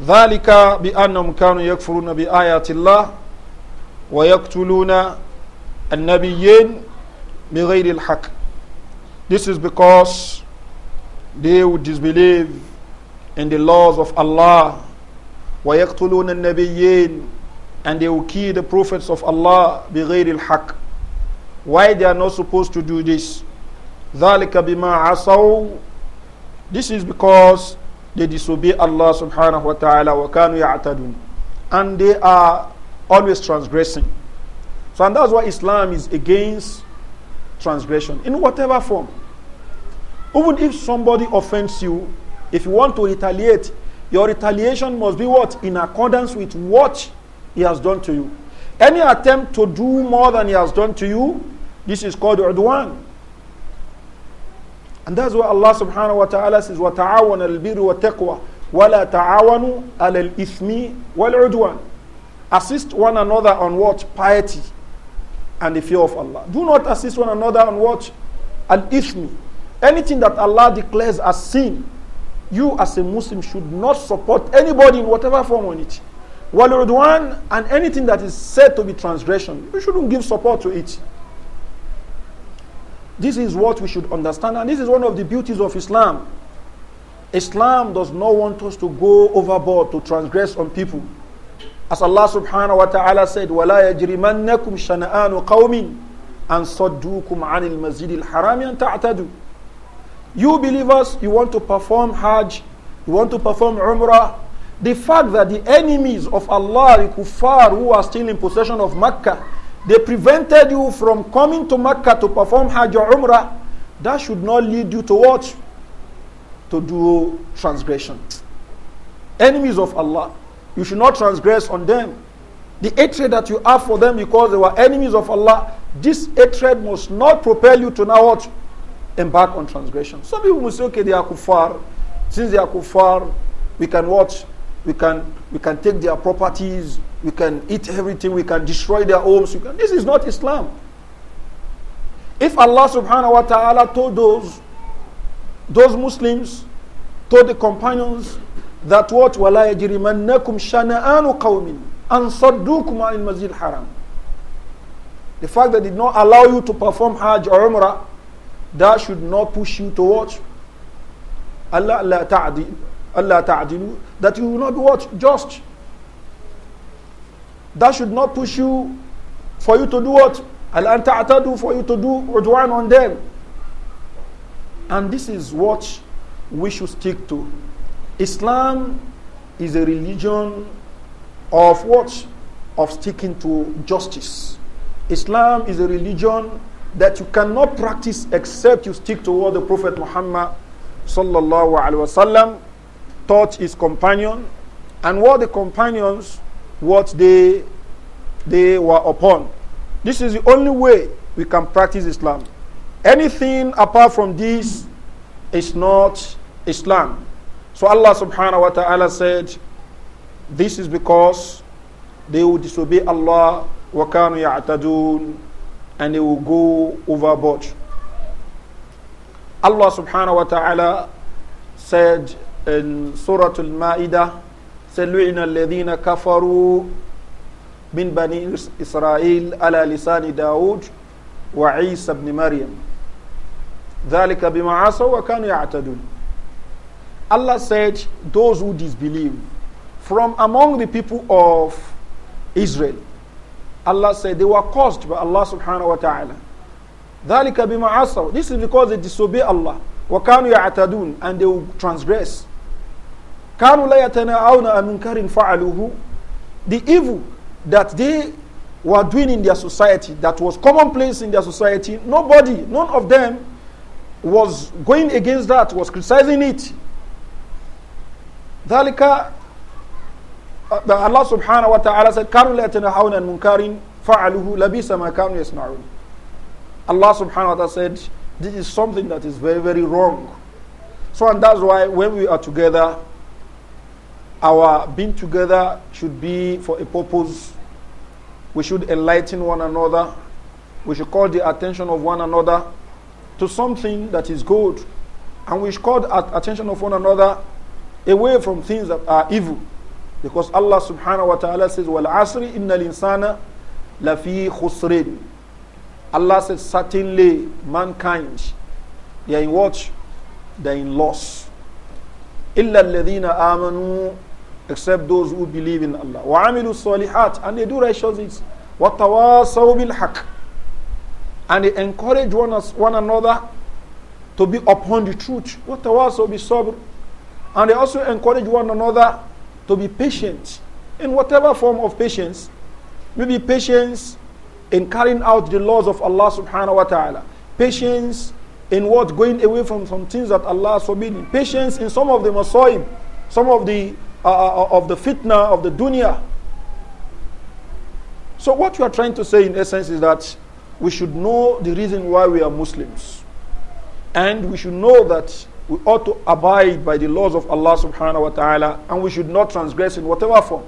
ذلك بأنهم كانوا يكفرون بآيات الله ويقتلون النبيين بغير الحق. This is because they would disbelieve in the laws of Allah ويقتلون النبيين and they will kill the prophets of Allah بغير الحق why they are not supposed to do this ذلك بما عصوا this is because they disobey Allah subhanahu wa ta'ala وكانوا يعتدون and they are always transgressing so and that's why Islam is against transgression in whatever form even if somebody offends you if you want to retaliate your retaliation must be what in accordance with what he has done to you. Any attempt to do more than he has done to you, this is called udwan. And that's why Allah subhanahu wa ta'ala says, وَتَعَوَنَ الْبِرِّ وَالتَّقْوَى وَلَا تَعَوَنُوا عَلَى الْإِثْمِ وَالْعُدْوَانِ Assist one another on what? Piety and the fear of Allah. Do not assist one another on what? Al-Ithmi. Anything that Allah declares as sin, you as a Muslim should not support anybody in whatever form on it. Walurudwan and anything that is said to be transgression, you shouldn't give support to it. This is what we should understand, and this is one of the beauties of Islam. Islam does not want us to go overboard to transgress on people. As Allah subhanahu wa ta'ala said, وَلَا يَجْرِمَنَّكُمْ شَنَآنُ قَوْمٍ أَنْ صَدُّوكُمْ عَنِ الْمَسْجِدِ الْحَرَامِ أَنْ تَعْتَدُوا You believers, you want to perform Hajj, you want to perform Umrah, the fact that the enemies of Allah, the kuffar, who are still in possession of Mecca, they prevented you from coming to Mecca to perform Hajj or Umrah, that should not lead you to what? To do transgression. Enemies of Allah, you should not transgress on them. The hatred that you have for them because they were enemies of Allah, this hatred must not propel you to now what? Embark on transgression. Some people will say, okay, they are kuffar. Since they are kuffar, we can watch we can, we can take their properties, we can eat everything, we can destroy their homes. Can, this is not Islam. If Allah subhanahu wa ta'ala told those, those Muslims, told the companions that what وَلَا يَجْرِمَنَّكُمْ شَنَآنُ قَوْمٍ أَنْ صَدُّوكُمْ عَنِ الْمَسْجِدِ haram. The fact that did not allow you to perform Hajj or Umrah, that should not push you towards Allah la ta'adil. Allah ta'adilu, that you will not be what? Just. That should not push you for you to do what? Al ta'atadu for you to do udwan on them. And this is what we should stick to. Islam is a religion of what? Of sticking to justice. Islam is a religion that you cannot practice except you stick to what the Prophet Muhammad sallallahu alaihi wasallam taught his companion and what the companions what they they were upon this is the only way we can practice islam anything apart from this is not islam so allah subhanahu wa ta'ala said this is because they will disobey allah wa kanu ya'tadun and they will go overboard allah subhanahu wa ta'ala said in Surah al alladhina kafaru min bani israil ala إسرائيل daud wa isa ibn maryam مريم bima asaw wa kanu ya'tadun Allah said those who disbelieve from among the people of Israel Allah said they were caused by Allah subhanahu wa ta'ala ذلك bima asaw this is because they disobey Allah kanu ya'tadun and they will transgress كانوا لا يتناهون عن منكر فعلوه the evil that they were doing in their society that was commonplace in their society nobody none of them was going against that was criticizing it ذلك uh, Allah subhanahu wa ta'ala said كانوا لا يتناهون عن منكر فعلوه لبئس ما كانوا يصنعون Allah subhanahu wa ta'ala said this is something that is very very wrong so and that's why when we are together our being together should be for a purpose. We should enlighten one another. We should call the attention of one another to something that is good. And we should call the attention of one another away from things that are evil. Because Allah subhanahu wa ta'ala says, Well, asri innal insana lafi khusrin. Allah says, certainly mankind, they are in what? They are in loss. إلا الذين آمنوا except those who believe in Allah. وَعَمِلُوا الصَّالِحَاتِ And they do righteous deeds. وَتَوَاصَوْا بِالْحَقِّ And they encourage one, one another to be upon the truth. وَتَوَاصَوْا بِالصَّبْرِ And they also encourage one another to be patient in whatever form of patience. Maybe patience in carrying out the laws of Allah subhanahu wa ta'ala. Patience in what? Going away from some things that Allah has forbidden. Patience in some of the masayim, some of the uh, uh, uh, of the fitna of the dunya. So, what you are trying to say in essence is that we should know the reason why we are Muslims. And we should know that we ought to abide by the laws of Allah subhanahu wa ta'ala and we should not transgress in whatever form.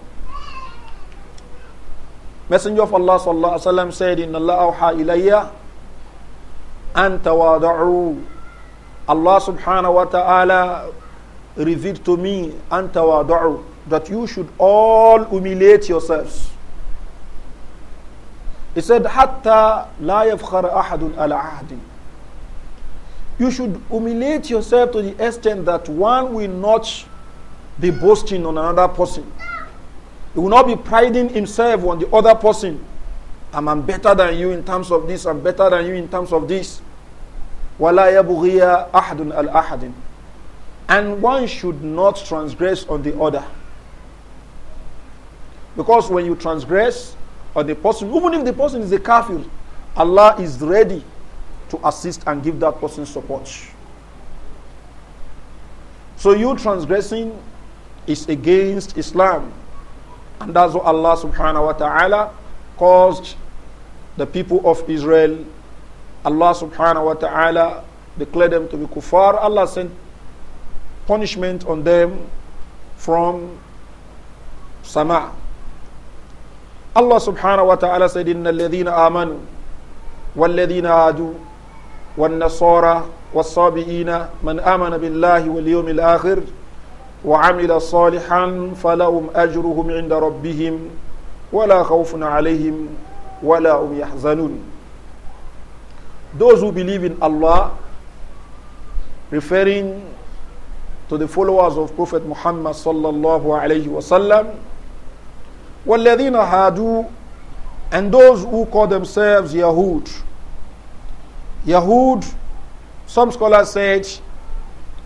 Messenger of Allah sallallahu alaihi wasallam said in Allah awha ilayya an Allah subhanahu wa ta'ala revealed to me antawadu that you should all humiliate yourselves. He said, Hatta la ahadun ala ahdin. You should humiliate yourself to the extent that one will not be boasting on another person. He will not be priding himself on the other person. I'm, I'm better than you in terms of this, I'm better than you in terms of this. وَلَا ahadun al-ahadin. And one should not transgress on the other. Because when you transgress on the person, even if the person is a kafir, Allah is ready to assist and give that person support. So you transgressing is against Islam. And that's what Allah subhanahu wa ta'ala caused the people of Israel. Allah subhanahu wa ta'ala declared them to be kuffar. Allah sent punishment on them from Sama. Allah subhanahu wa ta'ala said, Inna alladhina amanu, walladhina adu, wal nasara, wal sabi'ina, man amana billahi wal yawmi al-akhir, wa amila salihan, falahum ajruhum inda rabbihim, wala khawfun alayhim, wala um yahzanun. Those who believe in Allah, referring to the followers of Prophet Muhammad sallallahu alayhi wasallam. وَالَّذِينَ هَادُوا And those who call themselves Yahud. Yahud, some scholars said,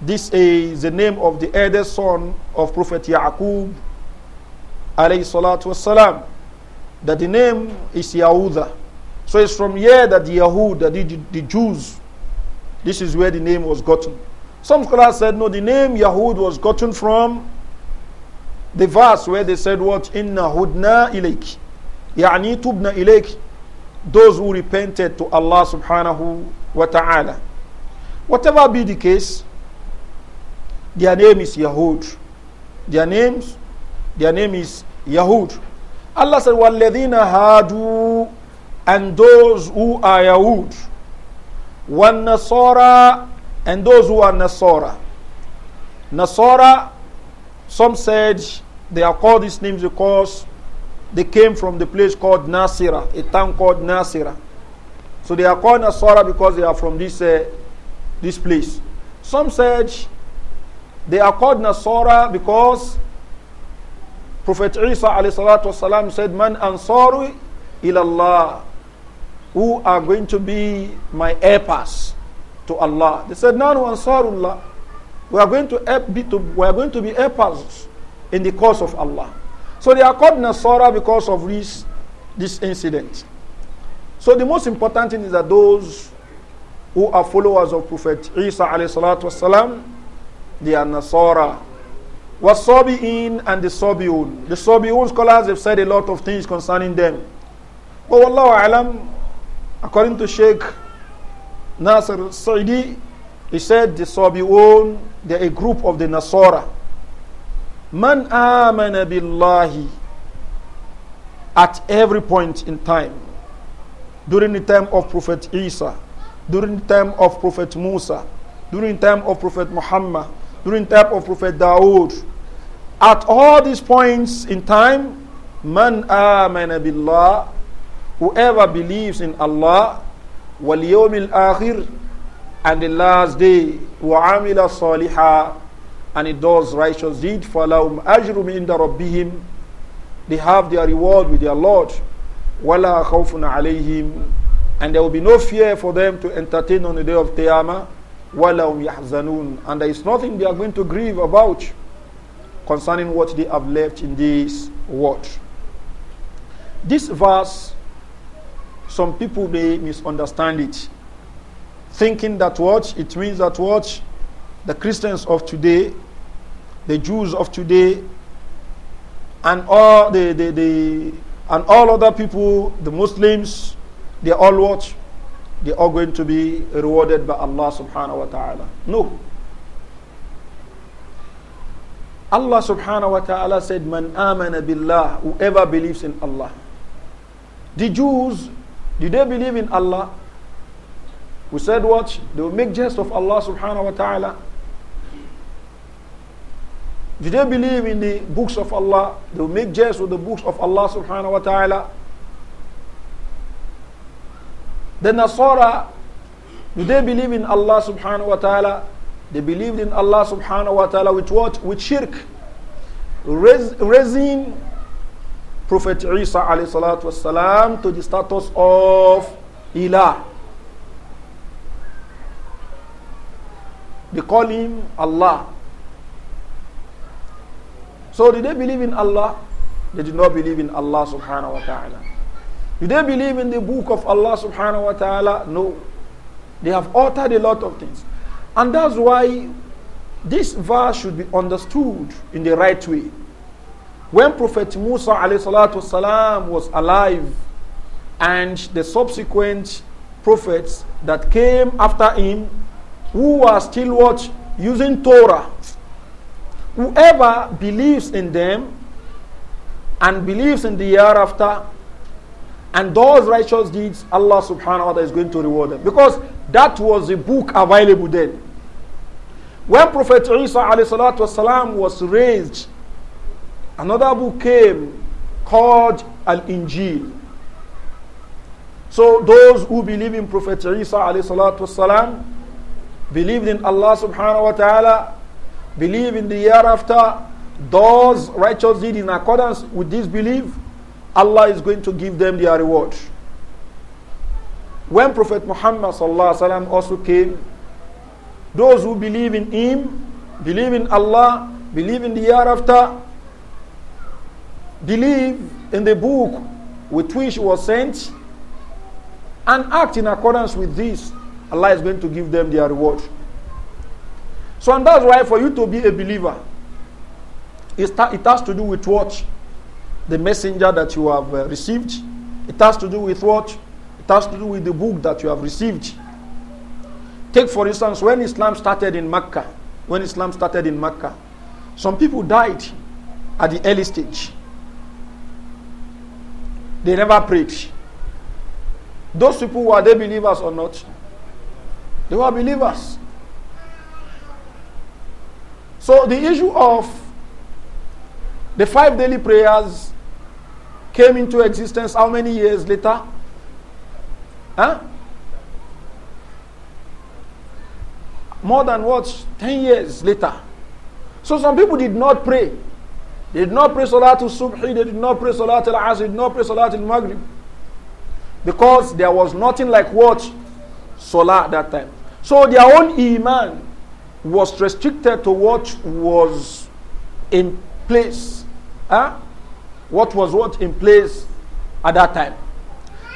this is the name of the eldest son of Prophet Yaqub alayhi salatu wasalam. That the name is Yahuda. So it's from here that the Yahud, that the, the Jews, this is where the name was gotten. Some scholars said, no, the name Yahud was gotten from the verse where they said, what? Inna hudna ilayk. Yani tubna ilayk. Those who repented to Allah subhanahu wa ta'ala. Whatever be the case, their name is Yahud. Their names, their name is Yahud. Allah said, وَالَّذِينَ هَادُوا And those who are Yahud. وَالنَّصَارَى and those who are Nasara. Nasara, some said they are called these names because they came from the place called Nasira, a town called Nasira. So they are called Nasara because they are from this, uh, this place. Some said they are called Nasara because Prophet Isa والسلام, said, Man ansaru ilallah, who are going to be my helpers to Allah. They said, Nanu Ansarullah. We are going to, be to, we are going to be helpers in the cause of Allah. So they are called Nasara because of this, this incident. So the most important thing is that those who are followers of Prophet Isa والسلام, they are Nasara. Wasabi'in and the Sabi'un. The Sabi'un scholars have said a lot of things concerning them. But Wallahu Alam, according to Sheikh Nasser Saidi, he said the Sabi'un, they're a group of the Nasara. Man amana billahi at every point in time. During the time of Prophet Isa, during the time of Prophet Musa, during the time of Prophet Muhammad, during the time of Prophet Dawood. At all these points in time, man amana billah, whoever believes in Allah, وَالْيَوْمِ الْآخِرِ And the last day, وَعَمِلَ صَالِحًا And it does righteous deed, فَلَهُمْ أَجْرُمْ إِنْدَ رَبِّهِمْ They have their reward with their Lord. وَلَا خَوْفٌ عَلَيْهِمْ And there will be no fear for them to entertain on the day of Qiyamah. وَلَهُمْ يَحْزَنُونَ And there is nothing they are going to grieve about concerning what they have left in this world. This verse some people they misunderstand it, thinking that what it means that what the Christians of today, the Jews of today, and all the, the, the and all other people, the Muslims, they all what? They are going to be rewarded by Allah subhanahu wa ta'ala. No. Allah subhanahu wa ta'ala said, Man amana billah, whoever believes in Allah. The Jews, did they believe in Allah? We said what? They will make jest of Allah subhanahu wa ta'ala. Did they believe in the books of Allah? They will make jest with the books of Allah subhanahu wa ta'ala. The Nasara, do they believe in Allah subhanahu wa ta'ala? They believed in Allah subhanahu wa ta'ala with what? With shirk. raising Prophet Isa والسلام, to the status of Ilah. They call him Allah. So did they believe in Allah? They did not believe in Allah subhanahu wa ta'ala. Did they believe in the book of Allah subhanahu wa ta'ala? No. They have altered a lot of things. And that's why this verse should be understood in the right way. When Prophet Musa والسلام, was alive and the subsequent prophets that came after him who were still what? Using Torah. Whoever believes in them and believes in the year after, and does righteous deeds, Allah subhanahu wa ta'ala is going to reward them. Because that was the book available then. When Prophet Isa والسلام, was raised Another book came called Al Injil. So those who believe in Prophet Isa والسلام, believed in Allah subhanahu wa ta'ala, believe in the year after. those righteous did in accordance with this belief, Allah is going to give them their reward. When Prophet Muhammad sallam, also came, those who believe in him, believe in Allah, believe in the year after believe in the book with which he was sent, and act in accordance with this, Allah is going to give them their reward. So, and that's why for you to be a believer, it has to do with what? The messenger that you have uh, received. It has to do with what? It has to do with the book that you have received. Take, for instance, when Islam started in Mecca. When Islam started in Mecca, some people died at the early stage. They never prayed. Those people were they believers or not? They were believers. So the issue of the five daily prayers came into existence how many years later? Huh? More than what? 10 years later. So some people did not pray. They did not pray to Subhi, they did not pray Salatul Asr, they did not pray Salatul Maghrib. Because there was nothing like what? Salah at that time. So their own Iman was restricted to what was in place. Huh? What was what in place at that time.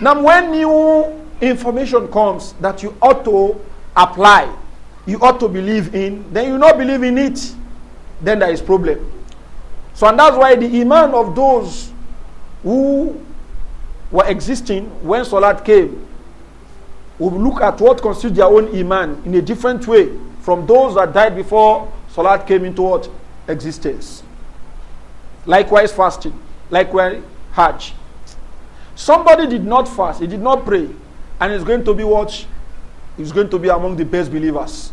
Now when new information comes that you ought to apply, you ought to believe in, then you not believe in it, then there is problem. So, and that's why the iman of those who were existing when Salat came will look at what constitutes their own iman in a different way from those that died before Salat came into what? Existence. Likewise, fasting. Likewise, Hajj. Somebody did not fast, he did not pray, and is going to be what? He's going to be among the best believers.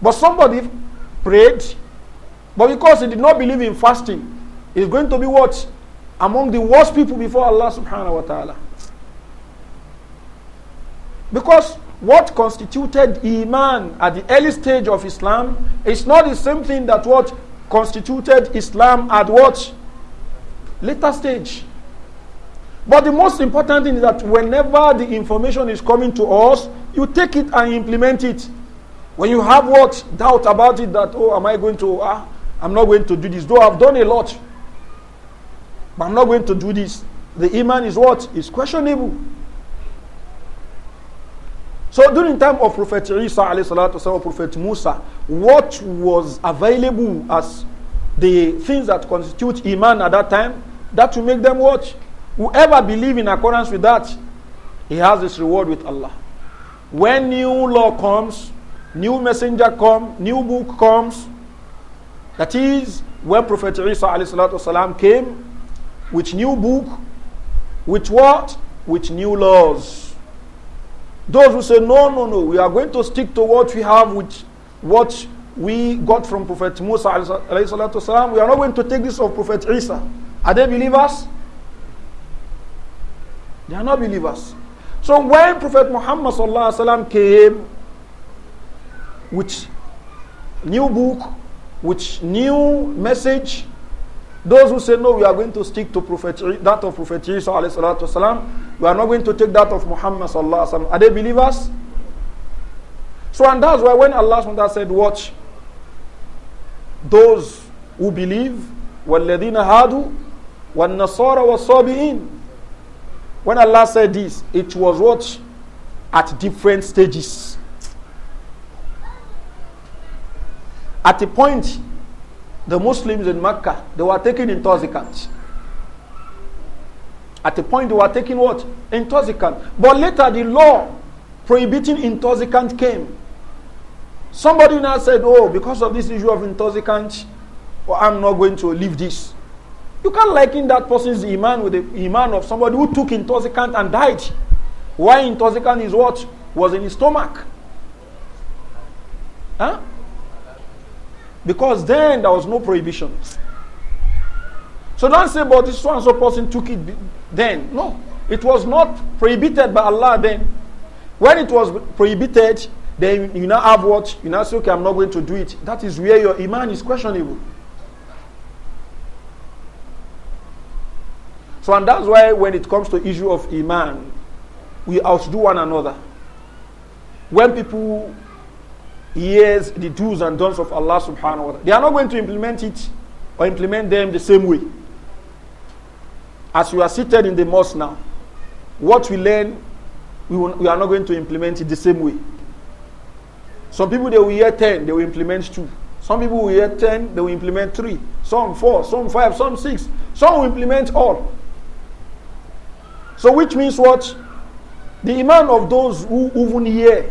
But somebody prayed, But because he did not believe in fasting, he's going to be what? Among the worst people before Allah subhanahu wa ta'ala. Because what constituted Iman at the early stage of Islam is not the same thing that what constituted Islam at what later stage. But the most important thing is that whenever the information is coming to us, you take it and implement it. When you have what doubt about it, that oh, am I going to? Ah, I'm not going to do this. Though I've done a lot, but I'm not going to do this. The iman is what? Is questionable. So during time of Prophet Isa والسلام, Prophet Musa, what was available as the things that constitute Iman at that time, that will make them what Whoever believe in accordance with that, he has his reward with Allah. When new law comes, new messenger come, new book comes, that is, when Prophet Isa came with new book, with what? With new laws. Those who say, no, no, no, we are going to stick to what we have, which what we got from Prophet Musa والسلام, we are not going to take this of Prophet Isa. Are they believers? They are not believers. So when Prophet Muhammad والسلام, came with new book, with new message. Those who say, no, we are going to stick to Prophet, that of Prophet Isa, والسلام, we are not going to take that of Muhammad. Sallam, are they believers? So, and that's why when Allah said, watch, those who believe, When هَادُوا وَالنَّصَارَ وَالصَّابِئِينَ When Allah said this, it was watch At different stages. At a point, the Muslims in Mecca, they were taking intoxicants. At the point they were taking what? Intoxicant. But later the law prohibiting intoxicant came. Somebody now said, Oh, because of this issue of intoxicant, well, I'm not going to leave this. You can't liken that person's iman with the iman of somebody who took intoxicant and died. Why intoxicant is what was in his stomach. Huh? Because then there was no prohibition. So don't say, but this one so person took it then. No. It was not prohibited by Allah then. When it was prohibited, then you now have what? You now say, okay, I'm not going to do it. That is where your iman is questionable. So, and that's why when it comes to issue of iman, we outdo one another. When people hears the do's and don'ts of Allah subhanahu wa ta'ala. They are not going to implement it or implement them the same way. As you are seated in the mosque now, what we learn, we, will, we are not going to implement it the same way. Some people, they will hear 10, they will implement 2. Some people will hear 10, they will implement 3. Some 4, some 5, some 6. Some will implement all. So which means what? The amount of those who even hear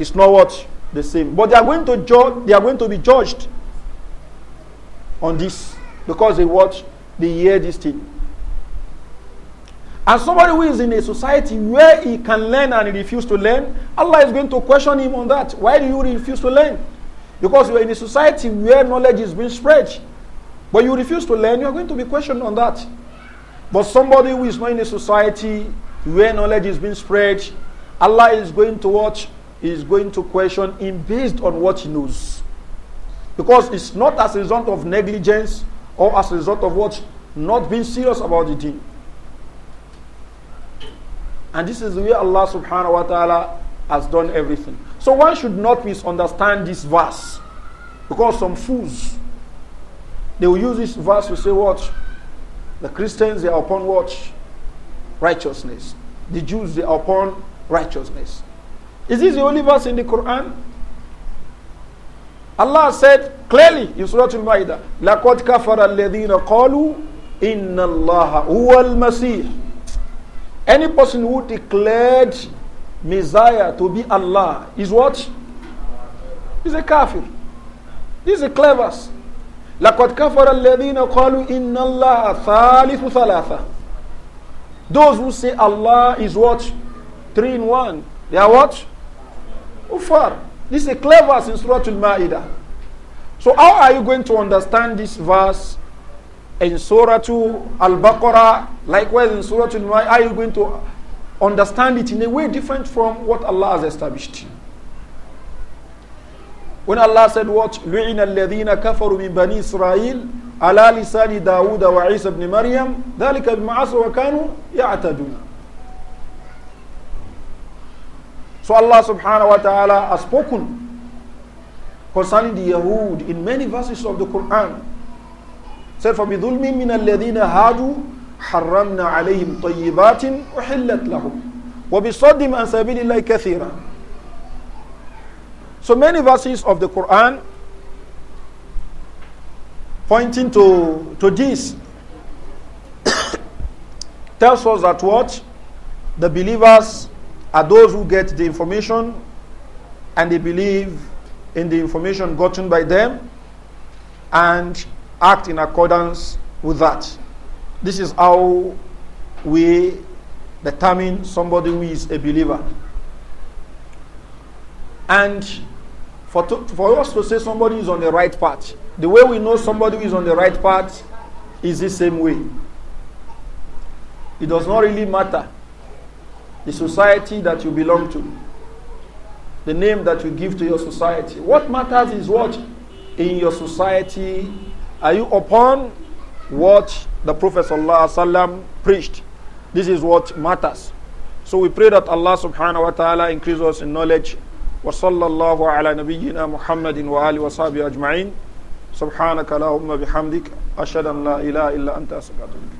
It's not what the same. But they are going to judge. They are going to be judged on this because they watch, they hear this thing. And somebody who is in a society where he can learn and he refuses to learn, Allah is going to question him on that. Why do you refuse to learn? Because you are in a society where knowledge is being spread. But you refuse to learn, you are going to be questioned on that. But somebody who is not in a society where knowledge is being spread, Allah is going to watch is going to question him based on what he knows. Because it's not as a result of negligence or as a result of what not being serious about the thing. And this is the way Allah subhanahu wa ta'ala has done everything. So one should not misunderstand this verse. Because some fools, they will use this verse to say what? The Christians, they are upon what? Righteousness. The Jews, they are upon righteousness. Is this the only verse in the Quran? Allah said clearly in Surah Al-Ma'idah, لَقَدْ كَفَرَ الَّذِينَ قَالُوا إِنَّ اللَّهَ هُوَ الْمَسِيحِ Any person who declared Messiah to be Allah is what? Is a kafir. This a clever? cleverest. لَقَدْ كَفَرَ الَّذِينَ قَالُوا إِنَّ اللَّهَ ثَالِثُ ثَلَاثَةً Those who say Allah is what? Three in one. They are what? Kufar. This is a clear verse in Surah Al-Ma'idah. So how are you going to understand this verse in Surah Al-Baqarah, likewise in Surah Al-Ma'idah, are you going to understand it in a way different from what Allah has established? When Allah said what? لُعِنَ الَّذِينَ كَفَرُوا مِنْ بَنِي إِسْرَائِيلِ عَلَى لِسَانِ داود وَعِيسَى بْنِ مَرْيَمَ ذَلِكَ بمعصوا وَكَانُوا يَعْتَدُونَ So Allah subhanahu wa ta'ala has spoken concerning the Yahud in many verses of the Quran. Said, فَبِظُلْمٍ مِّنَ الَّذِينَ هَادُوا حرمنا عليهم طيبات أحلت لهم وبصدهم عن سبيل الله كثيرا So many verses of the Quran pointing to, to this tells us that what the believers are those who get the information and they believe in the information gotten by them and act in accordance with that. This is how we determine somebody who is a believer. And for, to, for us to say somebody is on the right path, the way we know somebody is on the right path is the same way. It does not really matter the society that you belong to, the name that you give to your society. What matters is what in your society are you upon what the Prophet ﷺ preached. This is what matters. So we pray that Allah subhanahu wa ta'ala increase us in knowledge. وصلى ala nabiyyina Muhammadin wa ali وصحبه أجمعين سبحانك اللهم بحمدك أشهد أن la إله illa anta أستغفرك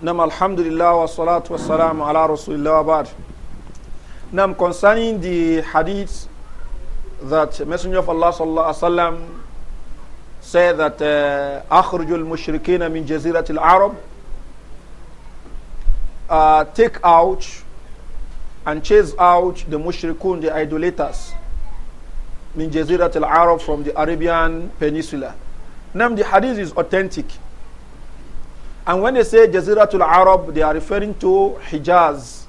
Nam alhamdulillah wa salatu wa salam ala rasulillah abad. Nam concerning the hadith that Messenger of Allah sallallahu alaihi wasallam said that uh, akhrujul المشركين من min العرب al-arab uh, take out and chase out the mushrikun the idolaters min jazirat al-arab from the Arabian peninsula. Now the hadith is authentic and when they say Jaziratul Arab, they are referring to Hijaz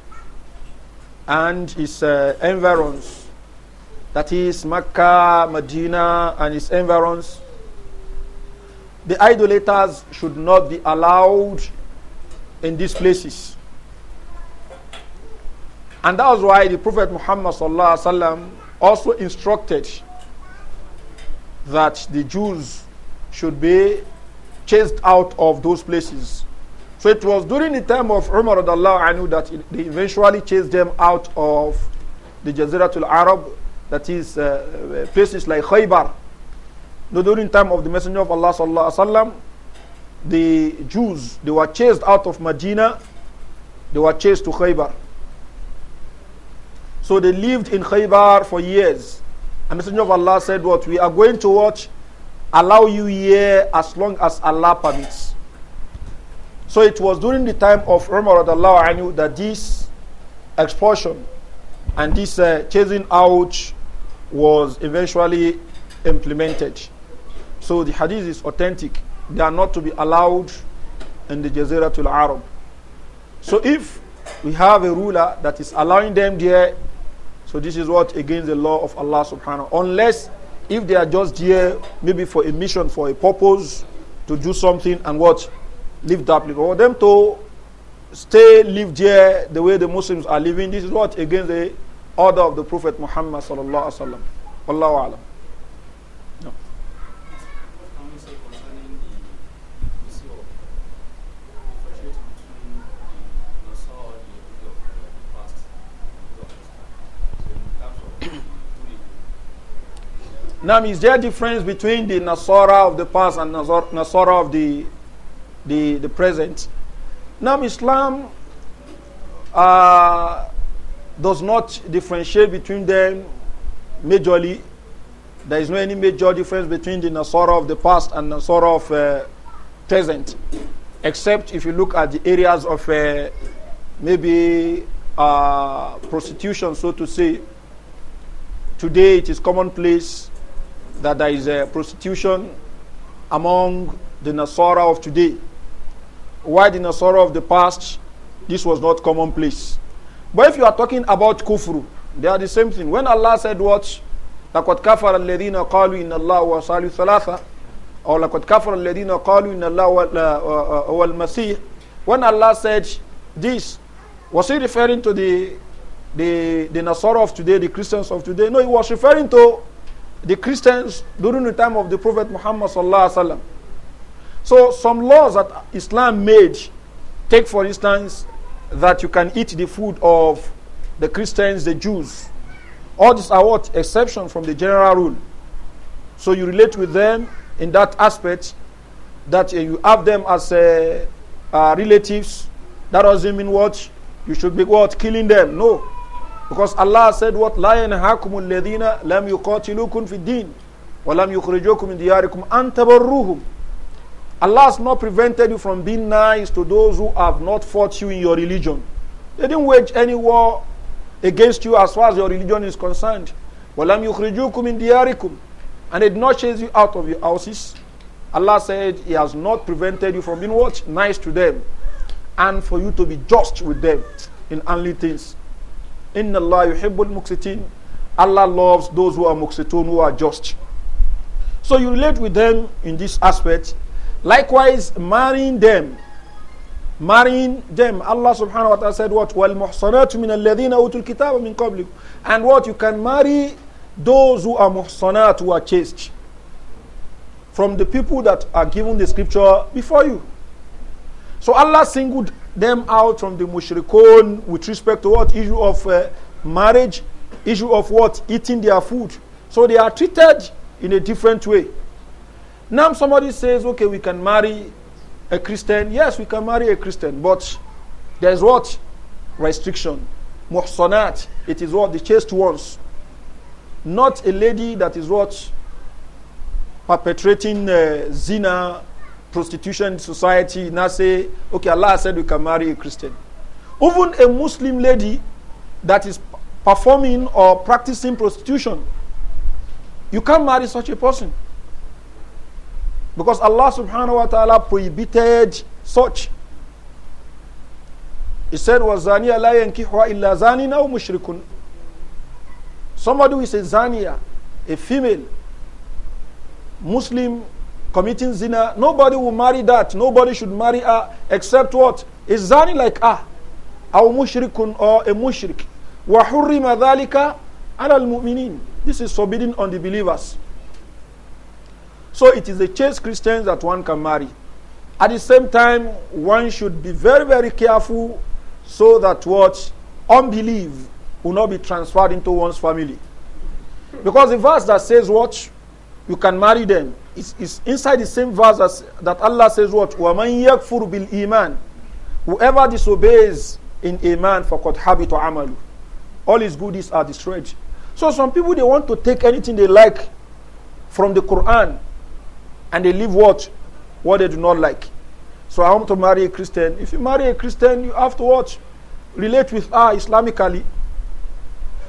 and its uh, environs. That is Mecca, Medina, and its environs. The idolaters should not be allowed in these places. And that was why the Prophet Muhammad also instructed that the Jews should be chased out of those places. So it was during the time of Umar anhu that they eventually chased them out of the Jaziratul Arab, that is uh, uh places like Khaybar. Now, during time of the Messenger of Allah sallallahu alaihi wasallam, the Jews they were chased out of Medina, they were chased to Khaybar. So they lived in Khaybar for years. And Messenger of Allah said, "What we are going to watch allow you here as long as Allah permits. So it was during the time of Umar knew that this expulsion and this uh, chasing out was eventually implemented. So the hadith is authentic. They are not to be allowed in the the Arab. So if we have a ruler that is allowing them there, so this is what against the law of Allah subhanahu unless if they are just here maybe for a mission, for a purpose, to do something and what? Live that place. For them to stay, live here the way the Muslims are living, this is what? Against the order of the Prophet Muhammad sallallahu alaihi wasallam. Allahu alam. Now, is there a difference between the Nasara of the past and Nasara of the, the, the present? Now, Islam uh, does not differentiate between them majorly. There is no any major difference between the Nasara of the past and Nasara of uh, present, except if you look at the areas of uh, maybe uh, prostitution, so to say. Today, it is commonplace that there is a prostitution among the Nasara of today. Why the Nasara of the past? This was not commonplace. But if you are talking about kufru, they are the same thing. When Allah said what? لَقَدْ كَفَرَ الَّذِينَ قَالُوا إِنَّ اللَّهَ وَصَالُوا ثَلَاثَةً Or لَقَدْ كَفَرَ الَّذِينَ قَالُوا إِنَّ اللَّهَ وَالْمَسِيحِ When Allah said this, was he referring to the, the, the Nasara of today, the Christians of today? No, he was referring to the Christians during the time of the Prophet Muhammad sallallahu alaihi wasallam. So some laws that Islam made, take for instance that you can eat the food of the Christians, the Jews. All these are what exception from the general rule. So you relate with them in that aspect that uh, you have them as uh, uh, relatives. That doesn't mean what you should be what killing them. No, because Allah said, What la Hakumul ladina lam yuqatilukum fid din wa lam yukhrijukum min diyarikum antabarruhum. Allah has not prevented you from being nice to those who have not fought you in your religion. They didn't wage any war against you as far as your religion is concerned. وَلَمْ يُخْرِجُوكُمْ مِنْ diyarikum, And they did not chase you out of your houses. Allah said, He has not prevented you from being what? Nice to them. And for you to be just with them in only things. Inna Allah yuhibbul muqsitin. Allah loves those who are muqsitun, who are just. So you relate with them in this aspect. Likewise, marrying them. Marrying them. Allah subhanahu wa ta'ala said what? min مِنَ الَّذِينَ utul kitab min قَبْلِكُمْ And what? You can marry those who are muhsanat, who are chaste. From the people that are given the scripture before you. So Allah singled them out from the mushrikun with respect to what issue of uh, marriage, issue of what eating their food. So they are treated in a different way. Now somebody says, okay, we can marry a Christian. Yes, we can marry a Christian, but there's what restriction, muhsanat. It is what the chaste ones, not a lady that is what perpetrating uh, zina prostitution society now say, okay, Allah said you can marry a Christian. Even a Muslim lady that is performing or practicing prostitution, you can't marry such a person. Because Allah subhanahu wa ta'ala prohibited such. He said, وَالزَّانِيَ لَا يَنْكِحُهَا إِلَّا زَانٍ na مُشْرِكٌ Somebody who is a zania, a female, Muslim committing zina. Nobody will marry that. Nobody should marry her except what? Is zani like ah? Aw mushrikun or a mushrik. Wa hurrima dhalika ala al-mu'minin. This is forbidden on the believers. So it is the chaste Christians that one can marry. At the same time, one should be very, very careful so that what unbelief will not be transferred into one's family. Because the verse that says what? you can marry them. It's, it's inside the same verse as, that Allah says what? وَمَنْ يَكْفُرْ بِالْإِيمَانِ Whoever disobeys in iman habit or amal, All his goodies are destroyed. So some people, they want to take anything they like from the Quran and they leave what? What they do not like. So I want to marry a Christian. If you marry a Christian, you have to watch, relate with her Islamically.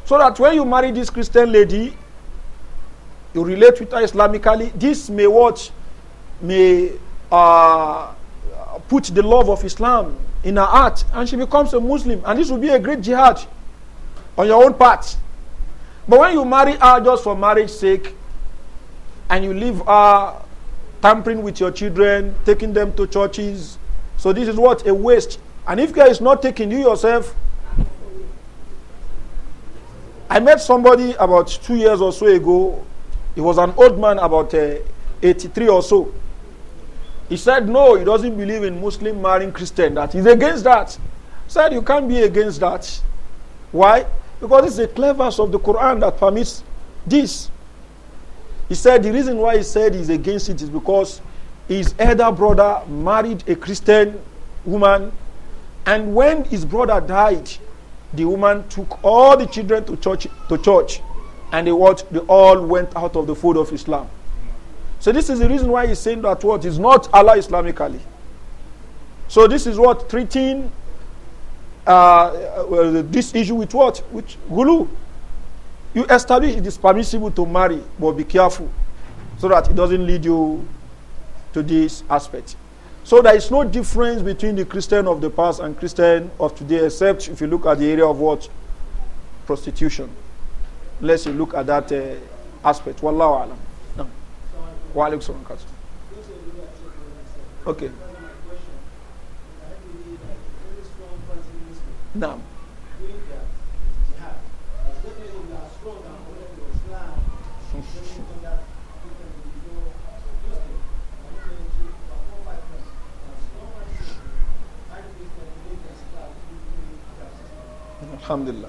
So that when you marry this Christian lady, you relate with her Islamically, this may what may uh, put the love of Islam in her heart, and she becomes a Muslim, and this will be a great jihad on your own part. But when you marry her just for marriage sake, and you leave her tampering with your children, taking them to churches, so this is what a waste. And if God is not taking you yourself, I met somebody about two years or so ago he was an old man, about uh, 83 or so. He said, No, he doesn't believe in Muslim marrying Christian. That he's against that. He said, You can't be against that. Why? Because it's the cleverness of the Quran that permits this. He said, The reason why he said he's against it is because his elder brother married a Christian woman. And when his brother died, the woman took all the children to church. To church and they what they all went out of the fold of Islam. So this is the reason why he's saying that what is not Allah Islamically. So this is what treating uh, this issue with what with gulu. You establish it is permissible to marry, but be careful so that it doesn't lead you to this aspect. So there is no difference between the Christian of the past and Christian of today, except if you look at the area of what prostitution. Unless you look at that uh, aspect. Wallahu alam. No. Wa alaikum salam. Okay. Now. Alhamdulillah.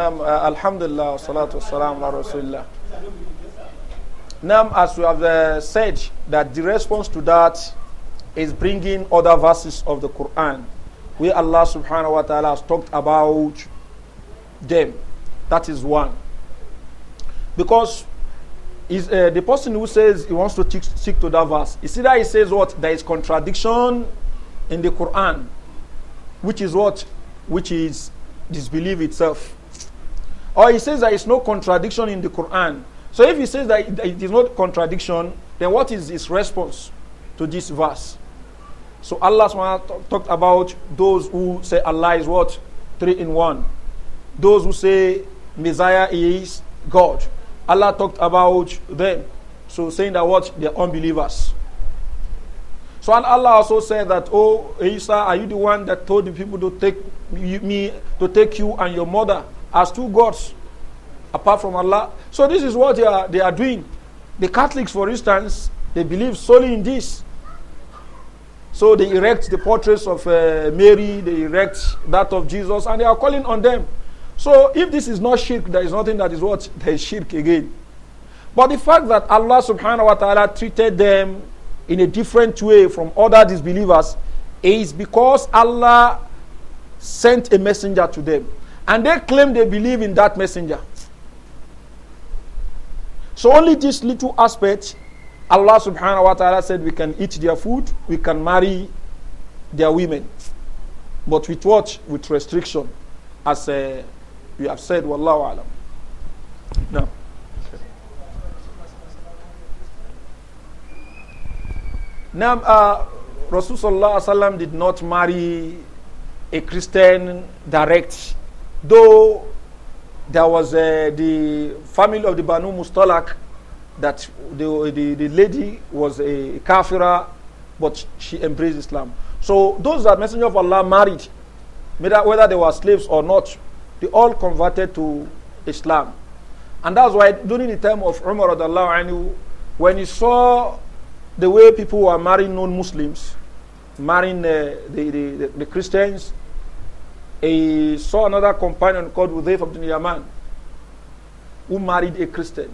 Nam, uh, Alhamdulillah, salatu salam wa Nam as we have uh, said, that the response to that is bringing other verses of the Quran, where Allah subhanahu wa ta'ala has talked about them. That is one. Because is uh, the person who says he wants to stick to that verse, is either he says what? There is contradiction in the Quran, which is what? Which is disbelief itself. Or he says there is no contradiction in the Quran. So if he says that it is not contradiction, then what is his response to this verse? So Allah talked about those who say Allah is what? Three in one. Those who say Messiah is God. Allah talked about them. So saying that what? They are unbelievers. So and Allah also said that, Oh Isa, are you the one that told the people to take me, to take you and your mother as two gods apart from Allah. So this is what they are, they are doing. The Catholics, for instance, they believe solely in this. So they erect the portraits of uh, Mary, they erect that of Jesus, and they are calling on them. So if this is not shirk, there is nothing that is what? There is shirk again. But the fact that Allah subhanahu wa ta'ala treated them in a different way from other disbelievers is because Allah sent a messenger to them. And they claim they believe in that messenger. So only this little aspect, Allah subhanahu wa ta'ala said we can eat their food, we can marry their women. But with what? With restriction. As uh, we have said, Wallahu alam. No. Now, uh, Rasulullah did not marry a Christian direct. Though there was uh, the family of the Banu Mustalak that the, the, the lady was a kafira, but she embraced Islam. So those that Messenger of Allah married, whether they were slaves or not, they all converted to Islam. And that's why during the time of Umar anhu, when he saw the way people were marrying non-Muslims, marrying uh, the, the, the, the Christians, he saw another companion called Udayf ibn Yaman who married a Christian.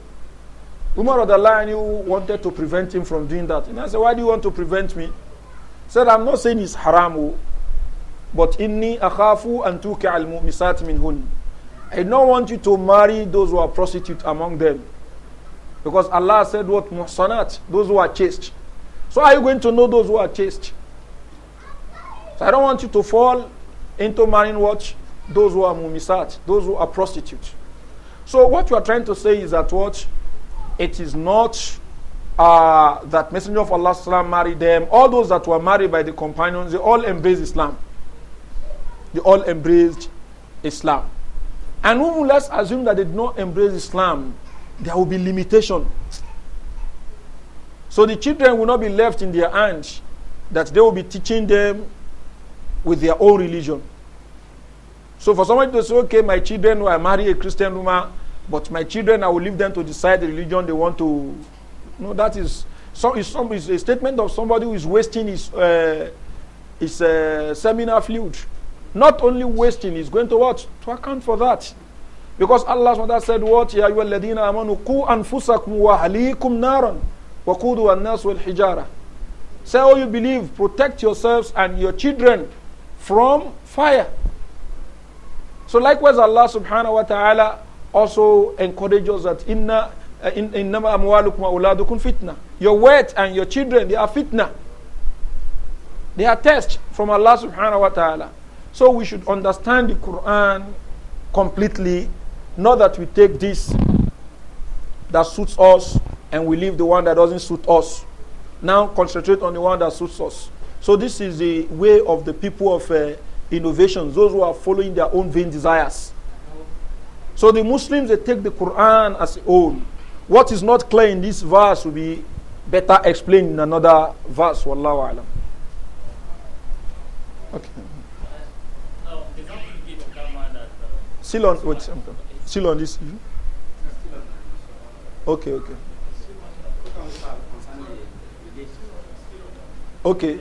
Umar of the line you wanted to prevent him from doing that. And I said, Why do you want to prevent me? He said, I'm not saying it's haram, oh, but inni akhafu an tuka al mu'misat min hun. I don't want you to marry those who are prostitute among them. Because Allah said what muhsanat, those who are chaste. So are you going to know those who are chaste? So I don't want you to fall into marrying what? Those who are mumisat, those who are prostitutes. So what you are trying to say is that what? It is not uh, that Messenger of Allah Islam married them. All those that were married by the companions, they all embraced Islam. They all embraced Islam. And who let's assume that they did not embrace Islam, there will be limitation. So the children will not be left in their hands, that they will be teaching them with their own religion. So for somebody to say, okay, my children, I marry a Christian woman, but my children, I will leave them to decide the religion they want to. No, that is some is some is a statement of somebody who is wasting his uh, his uh, seminar fluid. Not only wasting, he's going to what to account for that, because Allah said, "What ya ayyuhalladhina amanu ku anfusakum wa ahlikum naran wa qudu an-nas wal hijara." Say, "Oh, you believe, protect yourselves and your children." from fire. So likewise, Allah subhanahu wa ta'ala also encourages that inna uh, innama amwalukum auladukum fitna. Your wealth and your children, they are fitna. They are test from Allah subhanahu wa ta'ala. So we should understand the Quran completely, not that we take this that suits us and we leave the one that doesn't suit us. Now concentrate on the one that suits us. So this is the way of the people of uh, innovations, those who are following their own vain desires. So the Muslims, they take the Quran as own. What is not clear in this verse will be better explained in another verse. Wallahu alam. Okay. Still on, wait, still on this Okay, okay. Okay.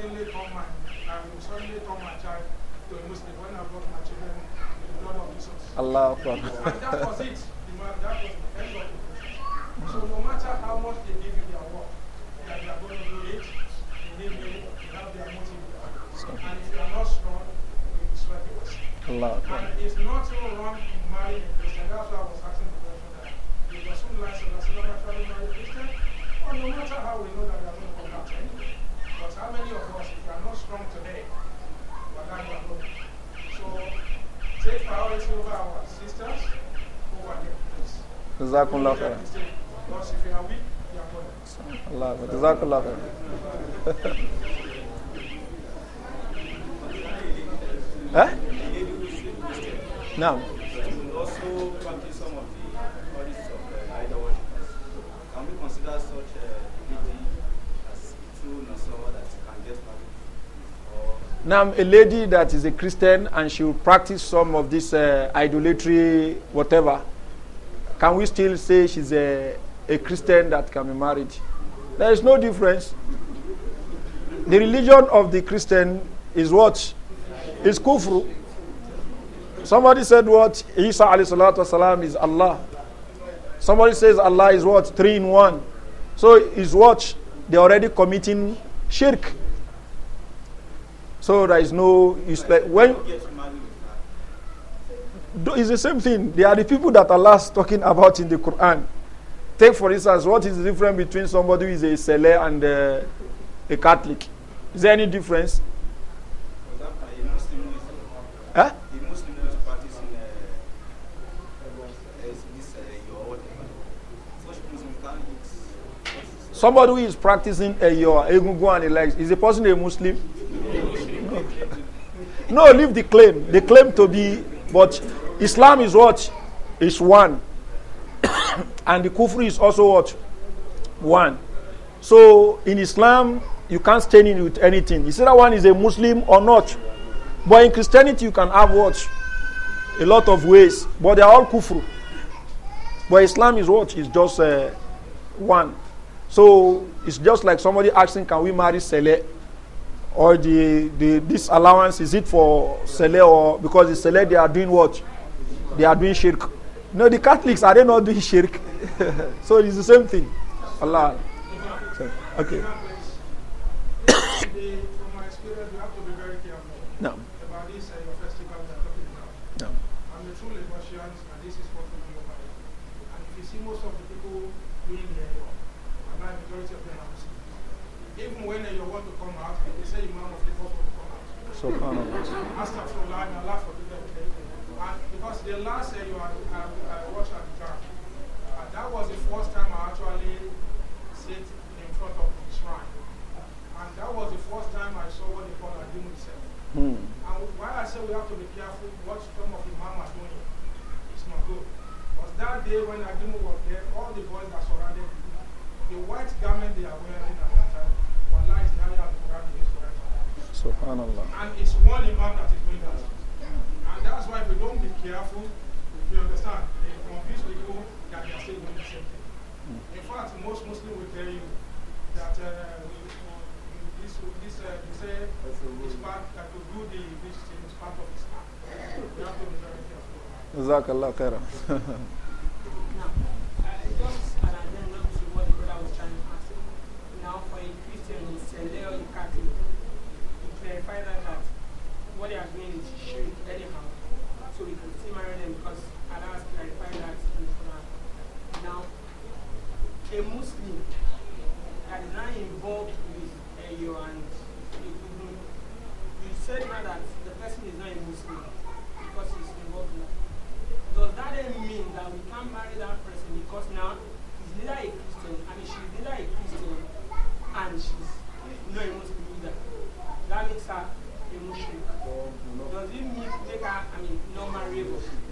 suddenly my, I will suddenly turn my child to a Muslim when I brought my children to the blood of Jesus. Allah Akbar. and that was it. That was the end of it. So no matter how much they give you their work, they are going to do it, they need it, they have their motive. And if you are not strong, you will sweat the worst. Allah Akbar. And it's not so wrong in marrying a Christian. That's why I was asking the question that. Did Rasulullah actually marry a Christian? Or no matter how we over our sisters over their place. Jazakumullah khair. Because if you are weak, you are Allah, khair. Huh? No. Also practice some of the of idol worshippers. Can we consider such a deity as true that can get now, a lady that is a Christian and she will practice some of this uh, idolatry, whatever, can we still say she's a, a Christian that can be married? There is no difference. The religion of the Christian is what? Is kufru. Somebody said what? Isa alayhi salatu wasalam is Allah. Somebody says Allah is what? Three in one. So is what? They're already committing shirk. So there is no useless. When it's the same thing. They are the people that Allah is talking about in the Quran. Take for instance, what is the difference between somebody who is a seller and a, uh, a Catholic? Is there any difference? Huh? Somebody who is practicing a your egungun and the likes, is the person a Muslim? no, leave the claim. They claim to be, but Islam is what? Is one. and the Kufri is also what? One. So in Islam, you can't stain it with anything. Is that one is a Muslim or not? But in Christianity, you can have what? A lot of ways, but they are all kufr. But Islam is what? Is just uh, one. So it's just like somebody asking, can we marry Saleh? or the the this allowance is it for sele or because the sele they are doing what they are doing shirk no the catholics are they not doing shirk so it's the same thing allah okay Subhanallah. Because the last year you had, I, I watched Adhan, and that was the first time I actually sit in front of the shrine. And that was the first time I saw what they call Adimu itself. Mm. And why I say we have to be careful what some of Imam are doing, it's not good. Because that day when Adimu was there, all the boys that surrounded the white garment they are Subhanallah. And it's one imam that is doing that. And that's why if we don't be careful, if you understand, they confuse people that they are still doing the same thing. In fact, most Muslims will tell you that uh, we, this, this uh, we say it's part, that to do the, this is part of Islam. We have to be very careful. Jazakallah khairan. what they are doing is shirk anyhow. So we can still marry them because last has find that Now, a Muslim that is not involved with you, and you said now that the person is not a Muslim because he's involved in that. Does that then mean that we can't marry that person because now he's neither a Christian and she's neither a Christian and she's not a Muslim either? That makes her a Muslim.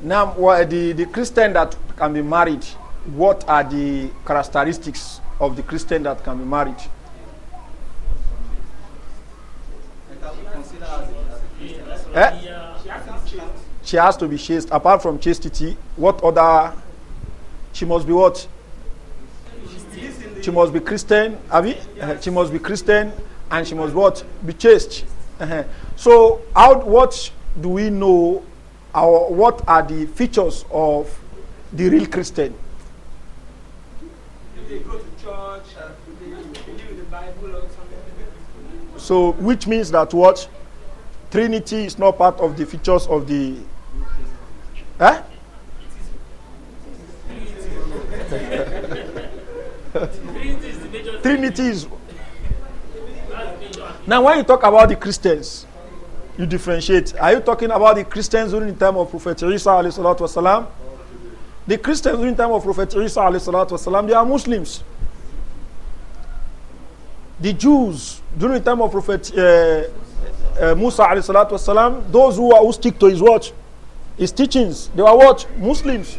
Now, well, the, the Christian that can be married, what are the characteristics of the Christian that can be married? Eh? She has to be chaste. Apart from chastity, what other? She must be what? She must be Christian. Have eh, you? she must be Christian, and she must what? Be chaste. Eh, eh. So, how? What do we know or what are the features of the real Christian? they go to church they believe the Bible or something. So, which means that what? Trinity is not part of the features of the. Eh? Trinity is. Now, when you talk about the Christians, you differentiate. Are you talking about the Christians during the time of Prophet Isa wasalam? The Christians during the time of Prophet Isa wasalam, they are Muslims. The Jews during the time of Prophet uh, uh, Musa wasalam, those who, are, who stick to his watch, his teachings, they were what? Muslims.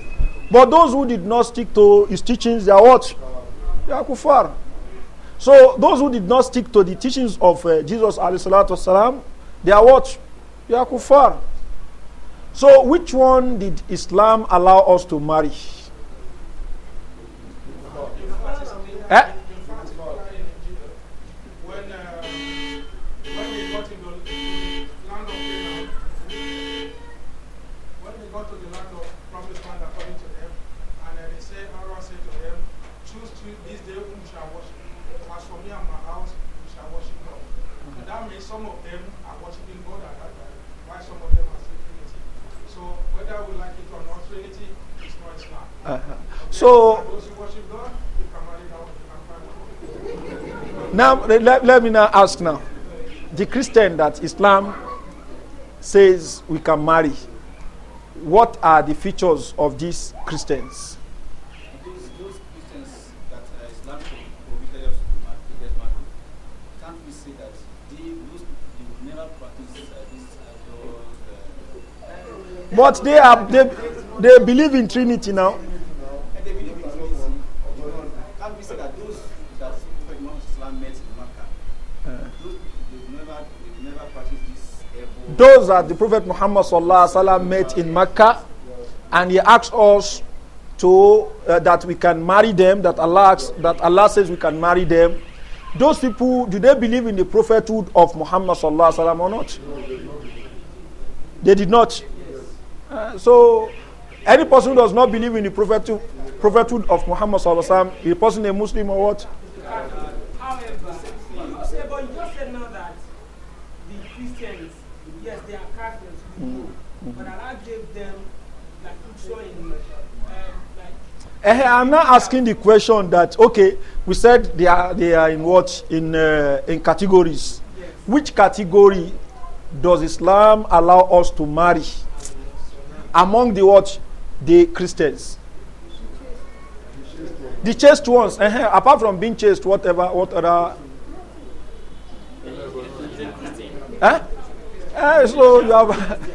But those who did not stick to his teachings, they are what? They are kuffar. So those who did not stick to the teachings of uh, Jesus wasalam, They are what? They are kuffar. So which one did Islam allow us to marry? eh? So, now let, let me now ask now. The Christian that Islam says we can marry, what are the features of these Christians? But they are they, they believe in Trinity now. Those that the Prophet Muhammad met in Mecca, and he asked us to uh, that we can marry them, that Allah, asks, that Allah says we can marry them. Those people, do they believe in the prophethood of Muhammad or not? They did not. Uh, so, any person who does not believe in the prophethood, prophethood of Muhammad, is a person a Muslim or what? Eh, eh, I'm not asking the question that okay, we said they are they are in what in uh, in categories. Yes. Which category does Islam allow us to marry? Among the what the Christians, the chaste ones. Uh eh, -huh. Apart from being chaste, whatever, what other? Huh? Eh, so you have.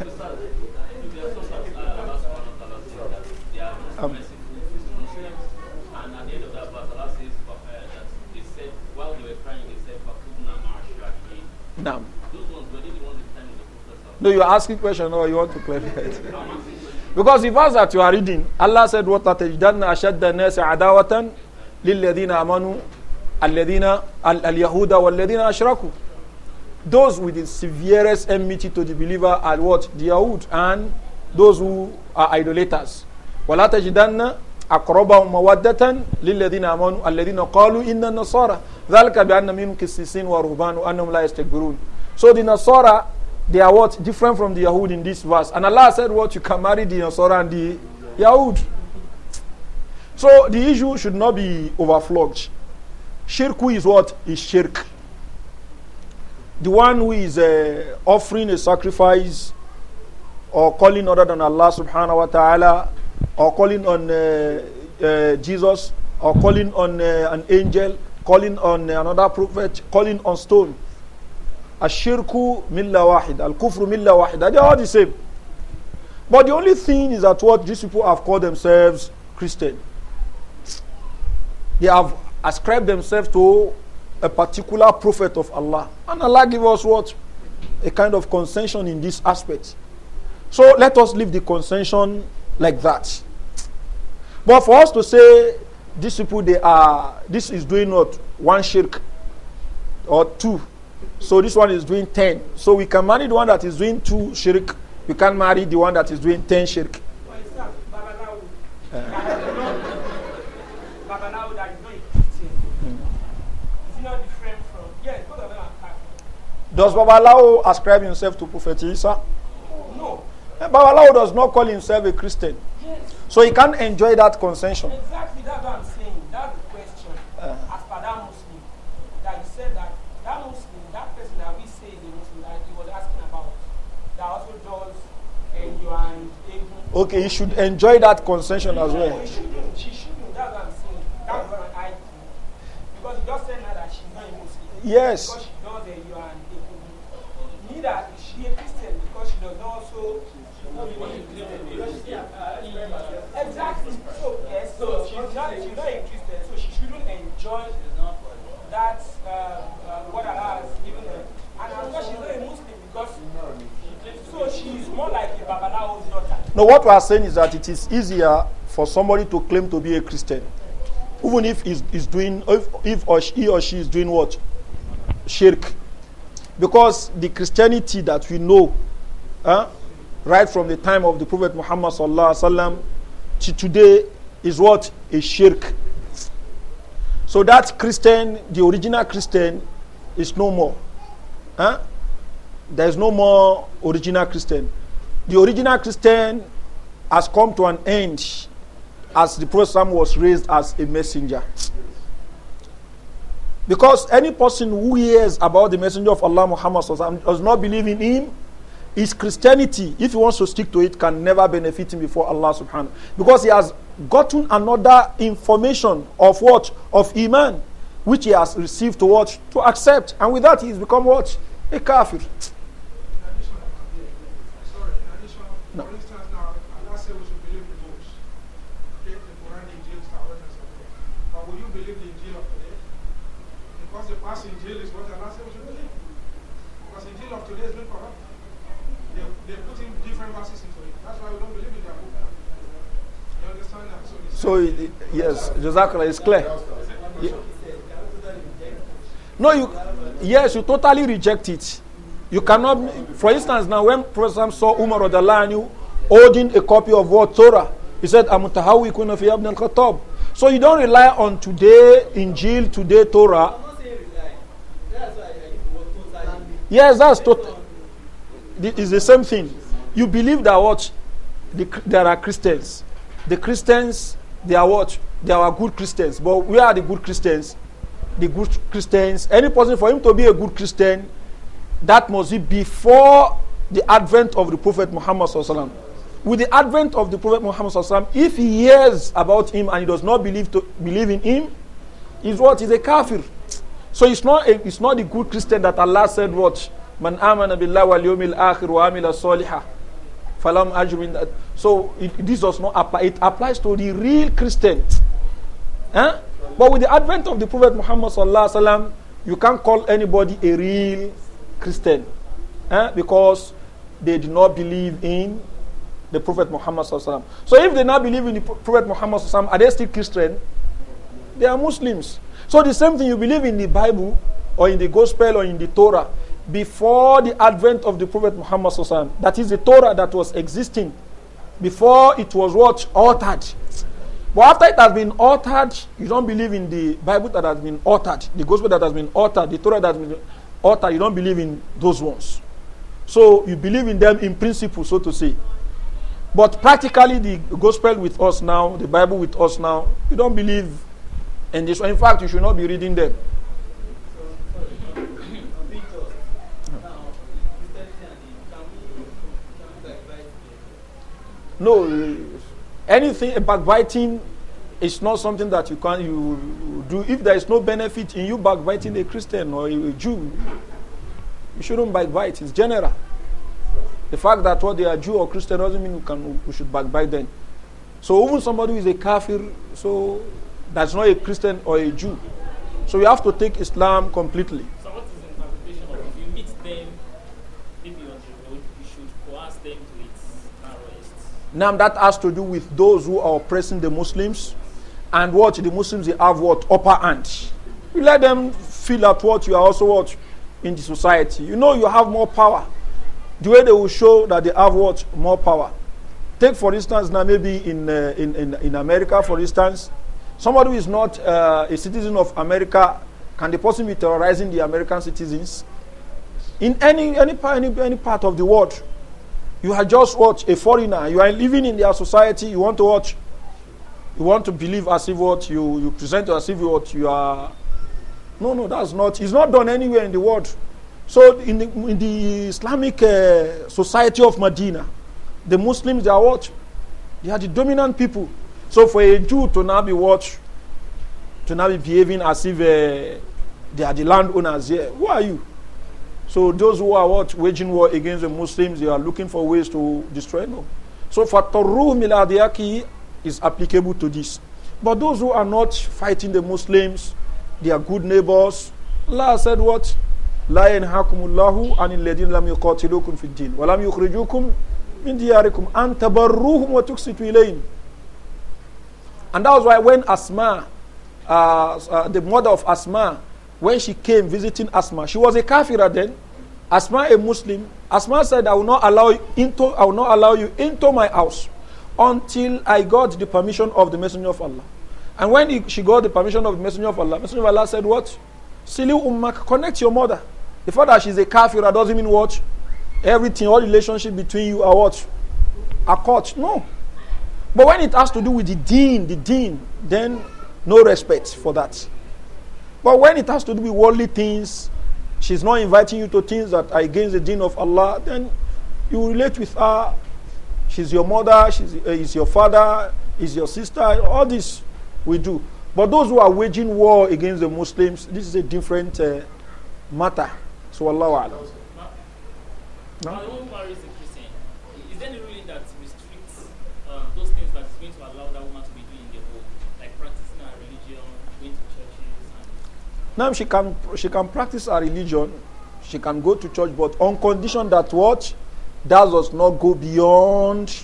Now. No, you're asking question or you want to clarify it. because the verse that you are reading, Allah said, "What وَتَتَجْدَنَّ أَشَدَّ النَّاسِ عَدَاوَةً لِلَّذِينَ al الَّذِينَ الْيَهُودَ وَالَّذِينَ أَشْرَكُوا Those with the severest enmity to the believer are what? The Yahud and those who are idolaters. وَلَا تَجْدَنَّ أقربهم مودة للذين آمنوا الذين قالوا إن النصارى ذلك بأن منهم كسيسين ورهبان وأنهم لا يستكبرون So the Nasara, they are what? Different from the Yahud in this verse. And Allah said what? You can marry the Nasara and the Yahud. So the issue should not be overflogged. Shirku is what? Is shirk. The one who is uh, offering a sacrifice or calling other than Allah subhanahu wa ta'ala or calling on uh, uh, Jesus, or calling on uh, an angel, calling on uh, another prophet, calling on stone. Ashirku milla wahid, al kufru milla wahid. They're all the same. But the only thing is that what these people have called themselves Christian. They have ascribed themselves to a particular prophet of Allah. And Allah give us what? A kind of concession in this aspect. So let us leave the concession like that. But for us to say these people they are this is doing not one shirk or two. So this one is doing ten. So we can marry the one that is doing two shirk. We can't marry the one that is doing ten shirk. Does Babalawo ascribe himself to Prophet Isa? No. Eh, Babalawo does not call himself a Christian. Yes. So he can't enjoy that concession. Exactly, that's what I'm saying. That's the question. Uh As per that Muslim, that you said that that Muslim, that person that we say is a Muslim that he was asking about, that also does enjoy and able. Okay, he should enjoy that concession as well. No, he shouldn't. She shouldn't. That's what I'm saying. That's what I think. Because you just said now that she's not a Muslim. Yes. Because she does enjoy and able. Neither she's not, she's not a so she shouldn't enjoy that uh, uh, what Allah has given her. And of course, she's not a Muslim because so she's more like a Babalao's daughter. No, what we are saying is that it is easier for somebody to claim to be a Christian. Even if he's, he's doing, if, if or she, he or she is doing what? Shirk. Because the Christianity that we know, huh, right from the time of the Prophet Muhammad to today, is what? A shirk. So that Christian, the original Christian, is no more. Huh? There is no more original Christian. The original Christian has come to an end as the Prophet was raised as a messenger. Because any person who hears about the messenger of Allah Muhammad does not believe in him, his Christianity, if he wants to stick to it, can never benefit him before Allah subhanahu. Because he has gotten another information of what? Of Iman, which he has received to what? To accept. And with that, he has become what? A kafir. No. Because Injil is what Allah said we should believe. Because Injil of today is not corrupt. They, they are putting different verses into it. That's why we don't believe in their So, yes, Jazakallah is clear. No, you, yes, you totally reject it. You cannot, for instance, now when Prophet saw Umar Radalani holding a copy of what Torah, he said, Amutahawikuna fi ibn al-Khattab. So you don't rely on today Injil, today Torah. Yes, that's total. It's the same thing. You believe that what? The, there are Christians. The Christians, they are what? They are good Christians. But where are the good Christians? The good Christians, any person for him to be a good Christian, that must be before the advent of the Prophet Muhammad. With the advent of the Prophet Muhammad, if he hears about him and he does not believe, to, believe in him, is what? Is a kafir. So it's not, a, it's not the good Christian that Allah said, what? Man amana billahi wal yawmil akhir wa amila salihah. Falam ajrin. So it, this does not apply. It applies to the real Christians. Huh? But with the advent of the Prophet Muhammad sallallahu alaihi wasallam, you can't call anybody a real Christian, huh? because they do not believe in the Prophet Muhammad sallallahu alaihi wasallam. So if they now believe in the Prophet Muhammad sallallahu alaihi wasallam, are they still Christian? They are Muslims. So the same thing you believe in the Bible or in the Gospel or in the Torah before the advent of the Prophet Muhammad Sallallahu That is the Torah that was existing before it was what? Altered. But after it has been altered, you don't believe in the Bible that has been altered, the gospel that has been altered, the Torah that has been altered. You don't believe in those ones. So you believe in them in principle, so to say. But practically, the gospel with us now, the Bible with us now, you don't believe in this. In fact, you should not be reading them. No, anything backbiting is not something that you can you do. If there is no benefit in you backbiting a Christian or a Jew, you shouldn't backbite. It's general. The fact that what they are Jew or Christian doesn't mean you can you should backbite them. So even somebody who is a kafir, so that's not a Christian or a Jew. So you have to take Islam completely. Now that has to do with those who are oppressing the Muslims and what the Muslims they have what upper hand. You let them feel at what you are also what in the society. You know you have more power. The way they will show that they have what more power. Take for instance now maybe in uh, in, in, in America for instance, somebody who is not uh, a citizen of America can the person be terrorizing the American citizens in any any any, any part of the world? You are just what? A foreigner. You are living in their society. You want to watch. You want to believe as if what you, you present as if what you are. No, no, that's not. It's not done anywhere in the world. So in the, in the Islamic uh, society of Medina, the Muslims, they are what? They are the dominant people. So for a Jew to now be what? To now be behaving as if uh, they are the landowners here. Who are you? So those who are what, waging war against the Muslims, they are looking for ways to destroy them. So Fatorru Miladiyaki is applicable to this. But those who are not fighting the Muslims, they are good neighbors. Allah said what? لا hakumullahu, and in الذين لم يقاتلوكم في الدين ولم يخرجوكم من دياركم أن تبروهم وتقسطوا إليهم And that was why when Asma, uh, uh, the mother of Asma, when she came visiting Asma, she was a kafira then. Asma a Muslim. Asma said, I will not allow you into I will not allow you into my house until I got the permission of the Messenger of Allah. And when he, she got the permission of the Messenger of Allah, Messenger of Allah said, What? Sili ummak, connect your mother. The fact that she's a kafira doesn't mean what? Everything, all relationship between you are what? Are caught. No. But when it has to do with the deen, the deen, then no respect for that. But when it has to do with worldly things, she's not inviting you to things that are against the deen of Allah, then you relate with her. She's your mother, she's uh, is your father, is your sister, all this we do. But those who are waging war against the Muslims, this is a different uh, matter. So Allah. No? Now she can she can practice her religion, she can go to church, but on condition that what that does not go beyond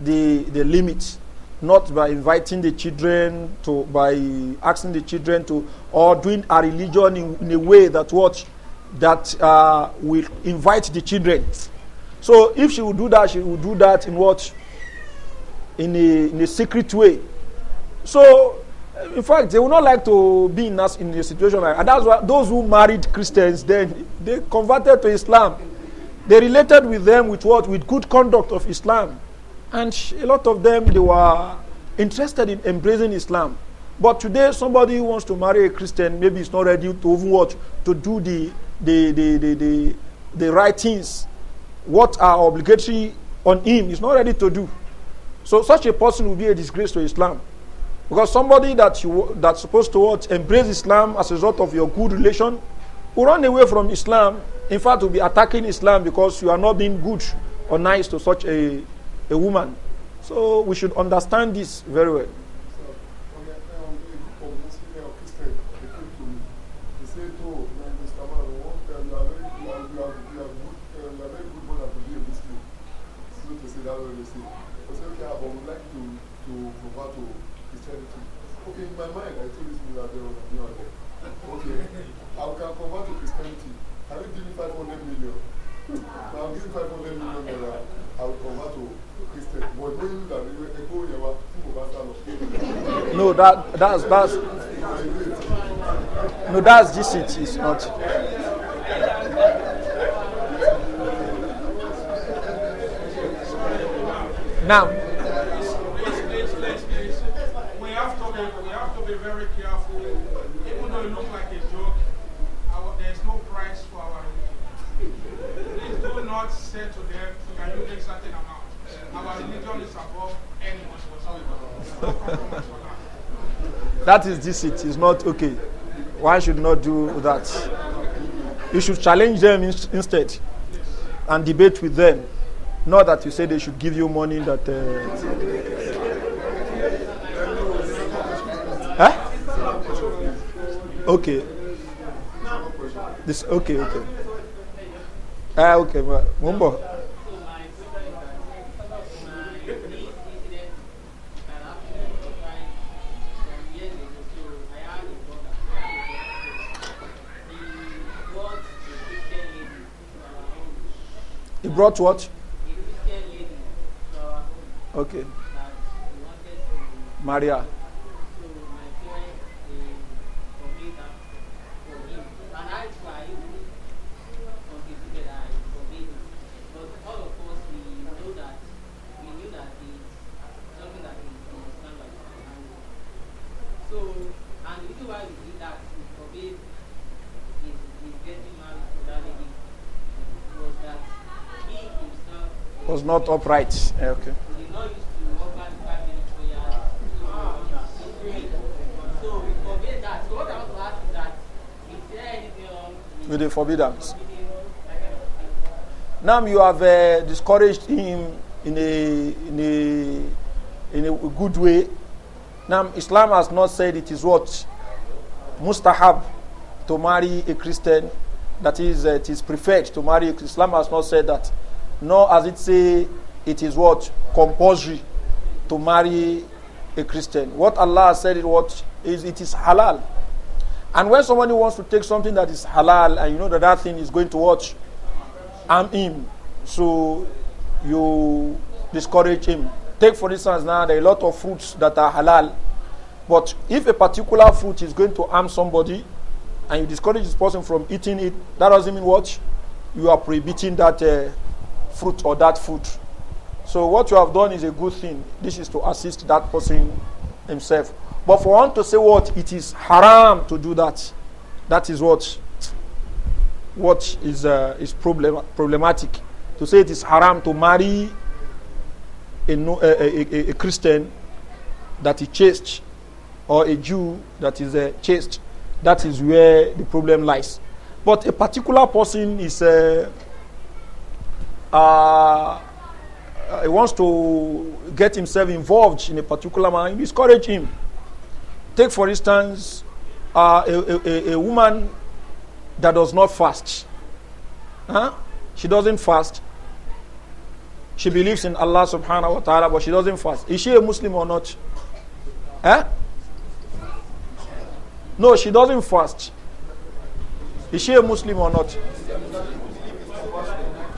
the the limit, not by inviting the children to by asking the children to or doing a religion in, in a way that what that uh, will invite the children. So if she will do that, she will do that in what in a in a secret way. So in fact, they would not like to be in, us, in a situation like that. And that's why those who married Christians, then they converted to Islam. They related with them with what? With good conduct of Islam. And a lot of them, they were interested in embracing Islam. But today, somebody who wants to marry a Christian, maybe is not ready to overwatch, to do the, the, the, the, the, the right things. What are obligatory on him, He's not ready to do. So such a person will be a disgrace to Islam. Because somebody that you that's supposed to what, embrace Islam as a result of your good relation will run away from Islam. In fact, will be attacking Islam because you are not being good or nice to such a, a woman. So we should understand this very well. No, that that's that's no, that's just it. It's not. Now. that is this it is not okay Why should not do that you should challenge them in instead and debate with them not that you say they should give you money that uh, huh? okay this okay okay ah okay mo one more. brought what? Okay. Maria. not upright. Okay. With the forbiddance. Now you have uh, discouraged him in a, in, a, in a good way. Now Islam has not said it is what? Mustahab to marry a Christian. That is, uh, it is preferred to marry a Islam has not said that nor as it say it is what compulsory to marry a Christian. What Allah said it what is it is halal. And when somebody wants to take something that is halal and you know that that thing is going to watch, harm him, so you discourage him. Take for instance now there are a lot of fruits that are halal, but if a particular fruit is going to harm somebody, and you discourage this person from eating it, that doesn't mean what you are prohibiting that. Uh, fruit or that food. So what you have done is a good thing. This is to assist that person himself. But for one to say what it is haram to do that, that is what what is uh, is problem problematic. To say it is haram to marry a, no, a, a, a Christian that is chaste or a Jew that is uh, chaste, that is where the problem lies. But a particular person is. Uh, uh, he wants to get himself involved in a particular man, you discourage him. Take, for instance, uh, a, a, a, woman that does not fast. Huh? She doesn't fast. She believes in Allah subhanahu wa ta'ala, but she doesn't fast. Is she a Muslim or not? Huh? No, she doesn't fast. Is she a Muslim or not?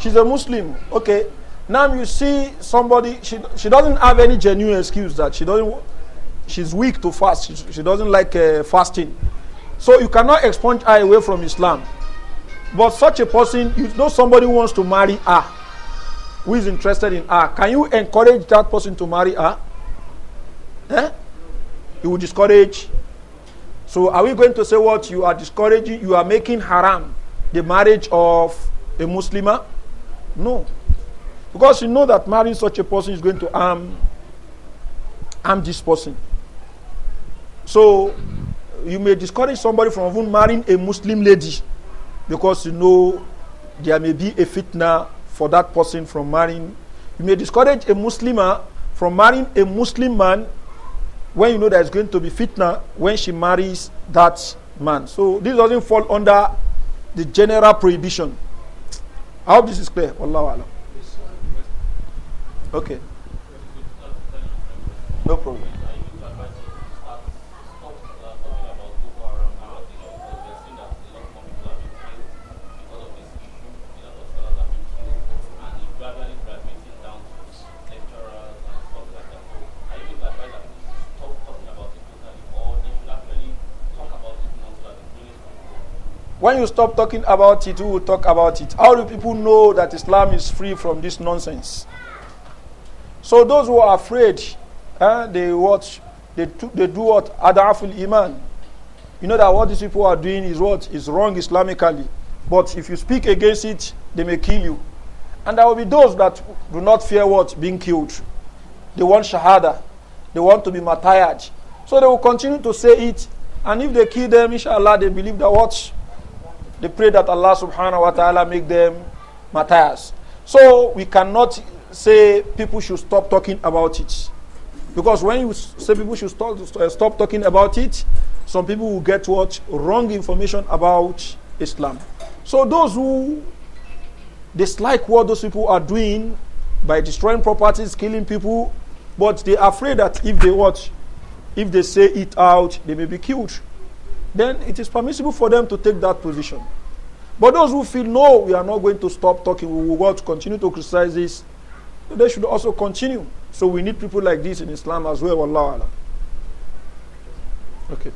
she's a Muslim. Okay. Now you see somebody, she, she doesn't have any genuine excuse that she doesn't, she's weak to fast. She, she doesn't like uh, fasting. So you cannot expunge her away from Islam. But such a person, you know somebody wants to marry her, who is interested in her. Can you encourage that person to marry her? Eh? You will discourage. So are we going to say what you are discouraging? You are making haram the marriage of a Muslimah? No. Because you know that marrying such a person is going to harm, harm this person. So you may discourage somebody from even marrying a Muslim lady because you know there may be a fitna for that person from marrying. You may discourage a Muslimer ah, from marrying a Muslim man when you know there is going to be fitna when she marries that man. So this doesn't fall under the general prohibition. I hope this is clear. Allah alam. Okay. No problem. When you stop talking about it, who will talk about it? How do people know that Islam is free from this nonsense? So those who are afraid, eh, they watch, they, they do what? Adaful Iman. You know that what these people are doing is what? Is wrong Islamically. But if you speak against it, they may kill you. And there will be those that do not fear what? Being killed. They want shahada. They want to be matayaj. So they will continue to say it. And if they kill them, inshallah, they believe that what? They pray that Allah subhanahu wa ta'ala make them martyrs. So we cannot say people should stop talking about it. Because when you say people should stop, stop talking about it, some people will get what? Wrong information about Islam. So those who dislike what those people are doing by destroying properties, killing people, but they are afraid that if they watch, if they say it out, they may be killed then it is permissible for them to take that position. But those who feel, no, we are not going to stop talking, we will want to continue to criticize this, they should also continue. So we need people like this in Islam as well, Allah Allah. Okay.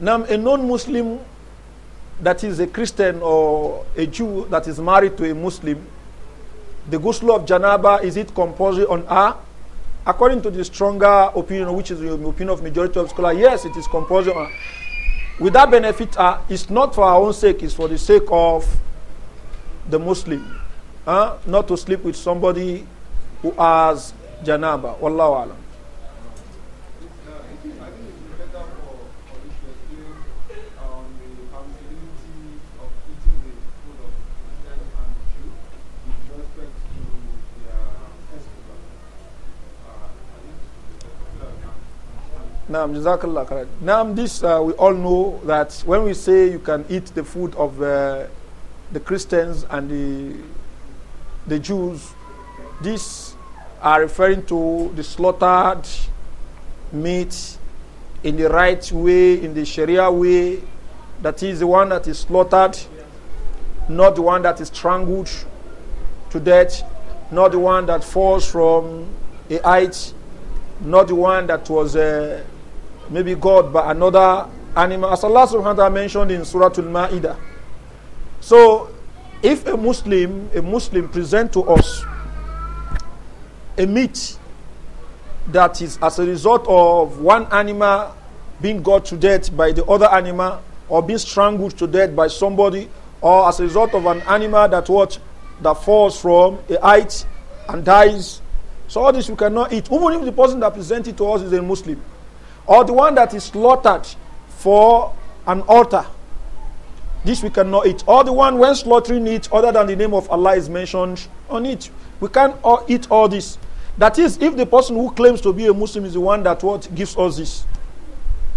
Now, a non Muslim that is a Christian or a Jew that is married to a Muslim the ghusl of janaba, is it compulsory on her? According to the stronger opinion, which is the opinion of majority of scholars, yes, it is compulsory on With that benefit uh, it's not for our own sake, it's for the sake of the Muslim. Huh? Not to sleep with somebody who has janaba. Wallahu alam. Naam, Jazakallah Naam, this uh, we all know that when we say you can eat the food of uh, the Christians and the, the Jews, these are referring to the slaughtered meat in the right way, in the Sharia way, that is the one that is slaughtered, not the one that is strangled to death, not the one that falls from a height, not the one that was. Uh, maybe God, but another animal. As Allah subhanahu wa ta'ala mentioned in Surah Al-Ma'idah. So, if a Muslim, a Muslim present to us a meat that is as a result of one animal being got to death by the other animal or being strangled to death by somebody or as a result of an animal that what that falls from a height and dies so all this we cannot eat even if the person that presented to us is a muslim or the one that is slaughtered for an altar. This we cannot eat. Or the one when slaughtering it, other than the name of Allah is mentioned on it. We can't all eat all this. That is, if the person who claims to be a Muslim is the one that what gives us this.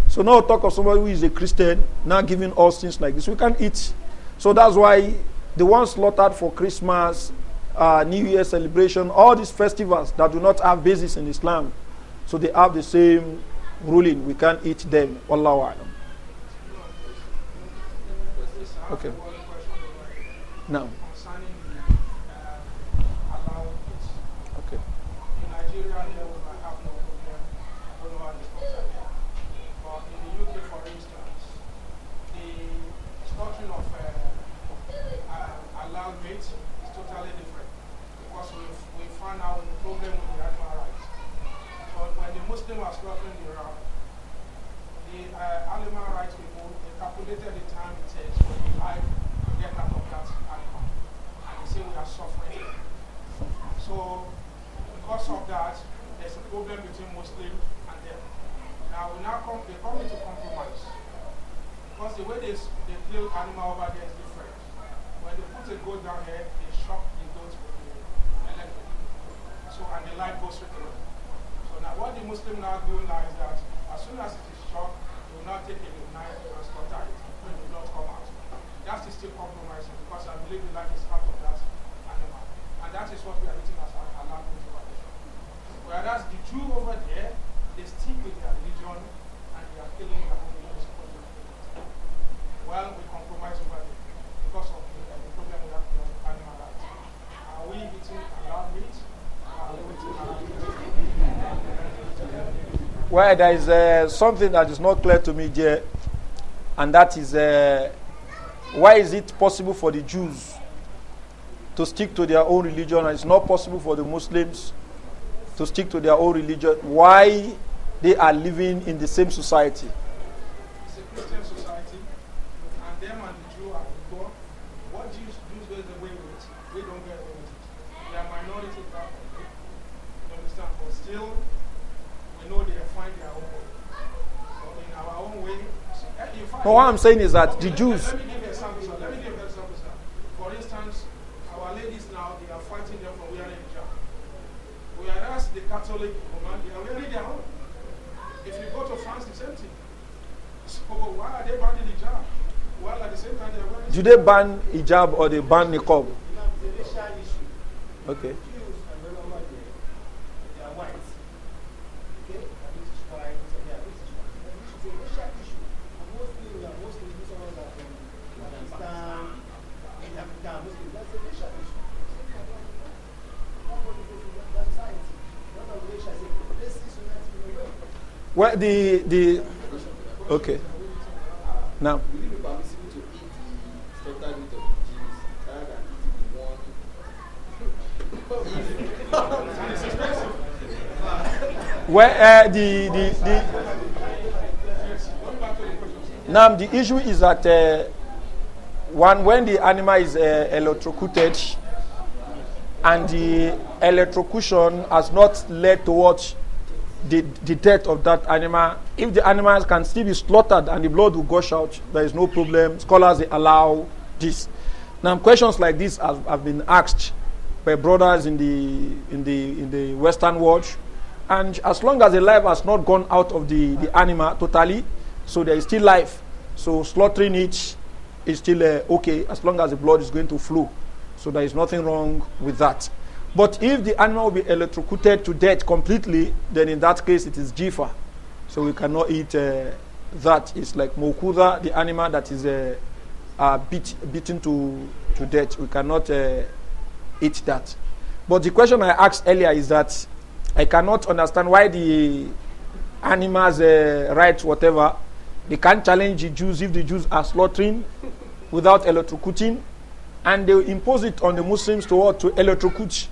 So now talk of somebody who is a Christian now giving us things like this. We can't eat. So that's why the ones slaughtered for Christmas, uh, New Year celebration, all these festivals that do not have basis in Islam, so they have the same ruling, we can't eat them. Wallahu alam. Okay. Now. animal over there is different. When they put a goat down here, they shock the goat with the electric. So, and the light goes straight away. So now what the Muslim now do now is that as soon as it Well, there is uh, something that is not clear to me dear, and that is uh, why is it possible for the Jews to stick to their own religion and it's not possible for the Muslims to stick to their own religion? Why they are living in the same society? But what I'm saying is that the Jews. For instance, our ladies now, they are fighting them for wearing hijab. We are asked the Catholic woman, they are wearing their own. If we go to France, it's empty. So why are they banning hijab? While at the same time, they are wearing Do they ban hijab or they ban niqab? The okay. Well, the the okay. Now. Where uh, the the the now the issue is that uh, one when the animal is uh, electrocuted and the electrocution has not led towards the, the death of that animal. If the animals can still be slaughtered and the blood will gush out, there is no problem. Scholars allow this. Now, questions like this have, have been asked by brothers in the, in, the, in the Western world. And as long as the life has not gone out of the, the animal totally, so there is still life. So slaughtering it is still uh, okay as long as the blood is going to flow. So there is nothing wrong with that. But if the animal will be electrocuted to death completely, then in that case it is jifa. So we cannot eat uh, that. It's like mokuda, the animal that is uh, uh, beat, beaten to, to death. We cannot uh, eat that. But the question I asked earlier is that I cannot understand why the animals' uh, rights, whatever, they can't challenge the Jews if the Jews are slaughtering without electrocuting. And they impose it on the Muslims to, to electrocute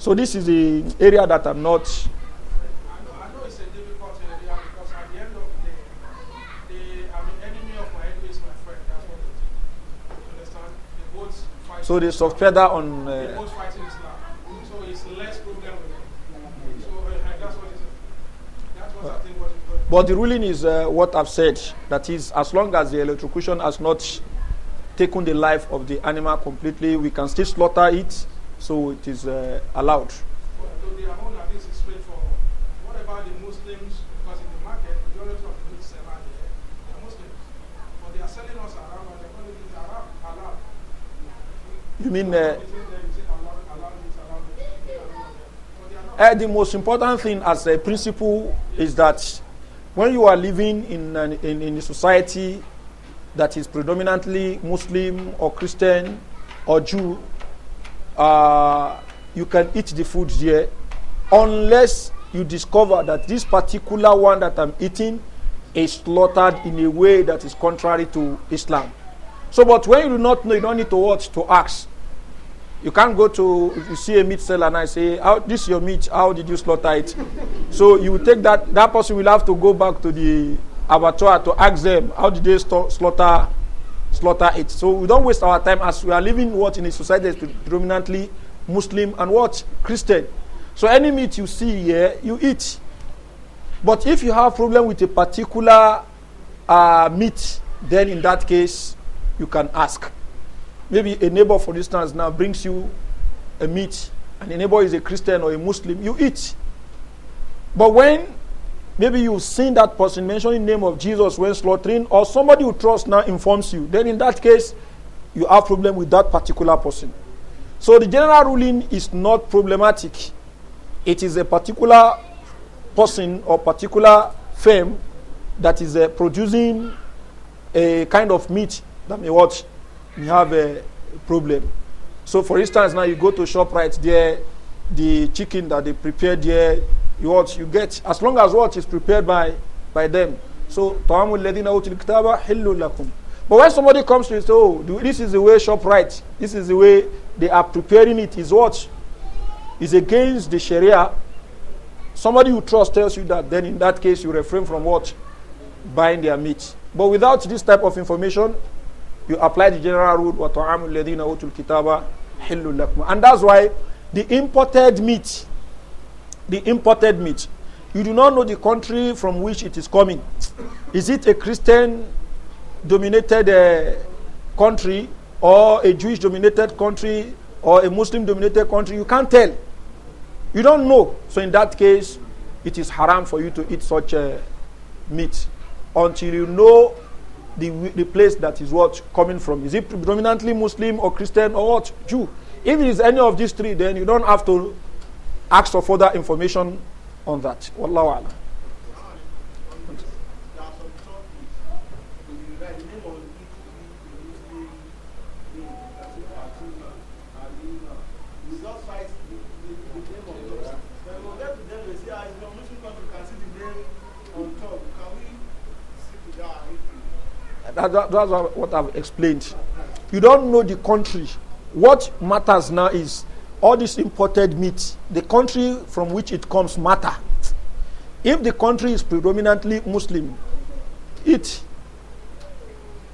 so this is the area that I'm not. I know, I know it's a difficult area because at the end of the day, the, I mean, enemy of my enemy is my friend. That's what they understand? fight. So they soft that on. Uh, fighting So it's less problem with them. So uh, that's what it's. That's what I think But the ruling is uh, what I've said. That is, as long as the electrocution has not taken the life of the animal completely, we can still slaughter it so it is uh, allowed. But the amount of this is straightforward. What about the Muslims? Because in the market, the majority of the goods sell there, they're Muslims. But they are selling us Arab, and they're calling it Arab halal. You mean... Uh, uh, the most important thing as a principle is that when you are living in, an, in, in a society that is predominantly Muslim or Christian or Jew, uh, you can eat the food there unless you discover that this particular one that I'm eating is slaughtered in a way that is contrary to Islam. So, but when you do not know, you don't need to watch, to ask. You can't go to, if you see a meat seller and I say, how, this is your meat, how did you slaughter it? so you take that, that person will have to go back to the abattoir to ask them, how did they slaughter slaughter it. So we don't waste our time as we are living what in a society that is predominantly Muslim and what Christian. So any meat you see here, you eat. But if you have problem with a particular uh, meat, then in that case you can ask. Maybe a neighbor, for instance, now brings you a meat, and a neighbor is a Christian or a Muslim, you eat. But when Maybe you've seen that person mentioning name of Jesus when slaughtering, or somebody you trust now informs you. Then in that case, you have problem with that particular person. So the general ruling is not problematic. It is a particular person or particular firm that is uh, producing a kind of meat that may what may have a problem. So for instance, now you go to shop right there, the chicken that they prepare there you what you get as long as what is prepared by by them. So ta'amu alladhina util kitaba hillun lakum. But when somebody comes to you say, oh, this is the way shop right, this is the way they are preparing it, is what is against the Sharia. Somebody who trust tells you that, then in that case you refrain from what buying their meat. But without this type of information, you apply the general rule wa ta'amu alladhina utul kitaba hillun lakum. And that's why the imported meat the imported meat. You do not know the country from which it is coming. Is it a Christian dominated uh, country or a Jewish dominated country or a Muslim dominated country? You can't tell. You don't know. So, in that case, it is haram for you to eat such uh, meat until you know the, the place that is what coming from. Is it predominantly Muslim or Christian or what? Jew? If it is any of these three, then you don't have to ask for further information on that. Wallahu a'lam. That, that, that's what I've explained. You don't know the country. What matters now is all this imported meat, the country from which it comes matter. If the country is predominantly Muslim, eat.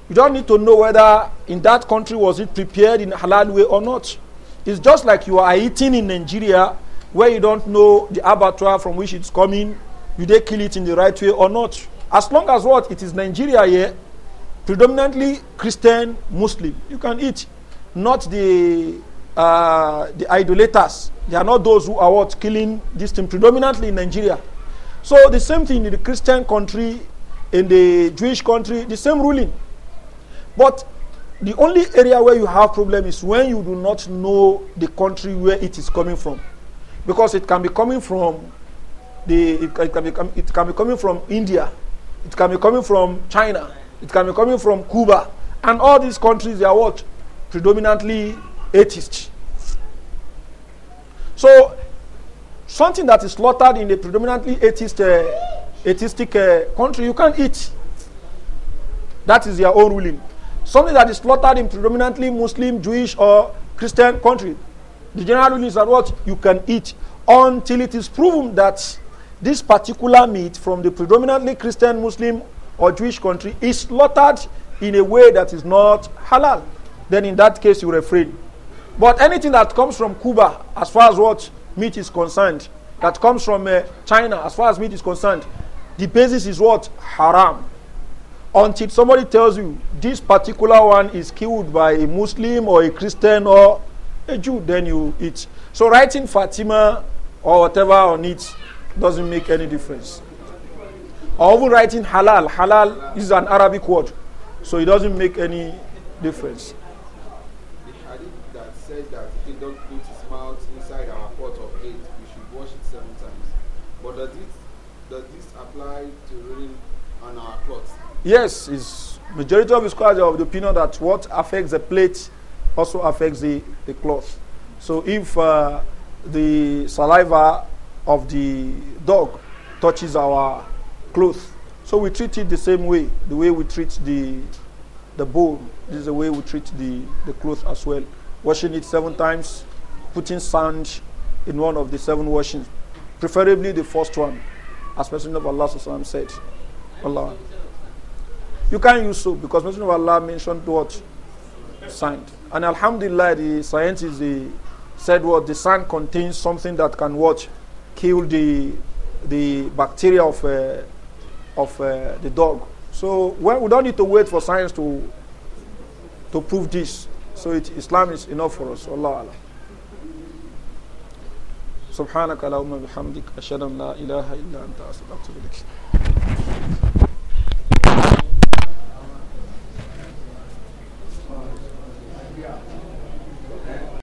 You don't need to know whether in that country was it prepared in halal way or not. It's just like you are eating in Nigeria where you don't know the abattoir from which it's coming, you they kill it in the right way or not. As long as what it is Nigeria here, predominantly Christian, Muslim, you can eat. Not the uh, the idolaters. They are not those who are what killing this thing predominantly in Nigeria. So the same thing in the Christian country, in the Jewish country, the same ruling. But the only area where you have problem is when you do not know the country where it is coming from, because it can be coming from the it can be, it can be coming from India, it can be coming from China, it can be coming from Cuba, and all these countries they are what predominantly atheist. So, something that is slaughtered in a predominantly atheist, uh, atheistic uh, country, you can't eat. That is their own ruling. Something that is slaughtered in predominantly Muslim, Jewish, or Christian country, the general ruling is that what you can eat until it is proven that this particular meat from the predominantly Christian, Muslim, or Jewish country is slaughtered in a way that is not halal. Then, in that case, you refrain. But anything that comes from Cuba, as far as what meat is concerned, that comes from uh, China, as far as meat is concerned, the basis is what? Haram. Until somebody tells you this particular one is killed by a Muslim or a Christian or a Jew, then you eat. So writing Fatima or whatever on it doesn't make any difference. Or even writing halal. Halal is an Arabic word, so it doesn't make any difference. Yes, is majority of the scholars are of the opinion that what affects the plate also affects the, the cloth. So if uh, the saliva of the dog touches our cloth, so we treat it the same way, the way we treat the, the bowl. This is the way we treat the, the cloth as well. Washing it seven times, putting sand in one of the seven washings, preferably the first one, as Messenger of Allah said. Allah. You can't use soap because Messenger of Allah mentioned what? Sand. And Alhamdulillah, the scientists they said what the sand contains something that can what kill the the bacteria of uh, of uh, the dog. So well, we don't need to wait for science to to prove this. So it, Islam is enough for us. Allah Allah. سبحانك اللهم بحمدك أشهد أن لا إله إلا أنت أستغفرك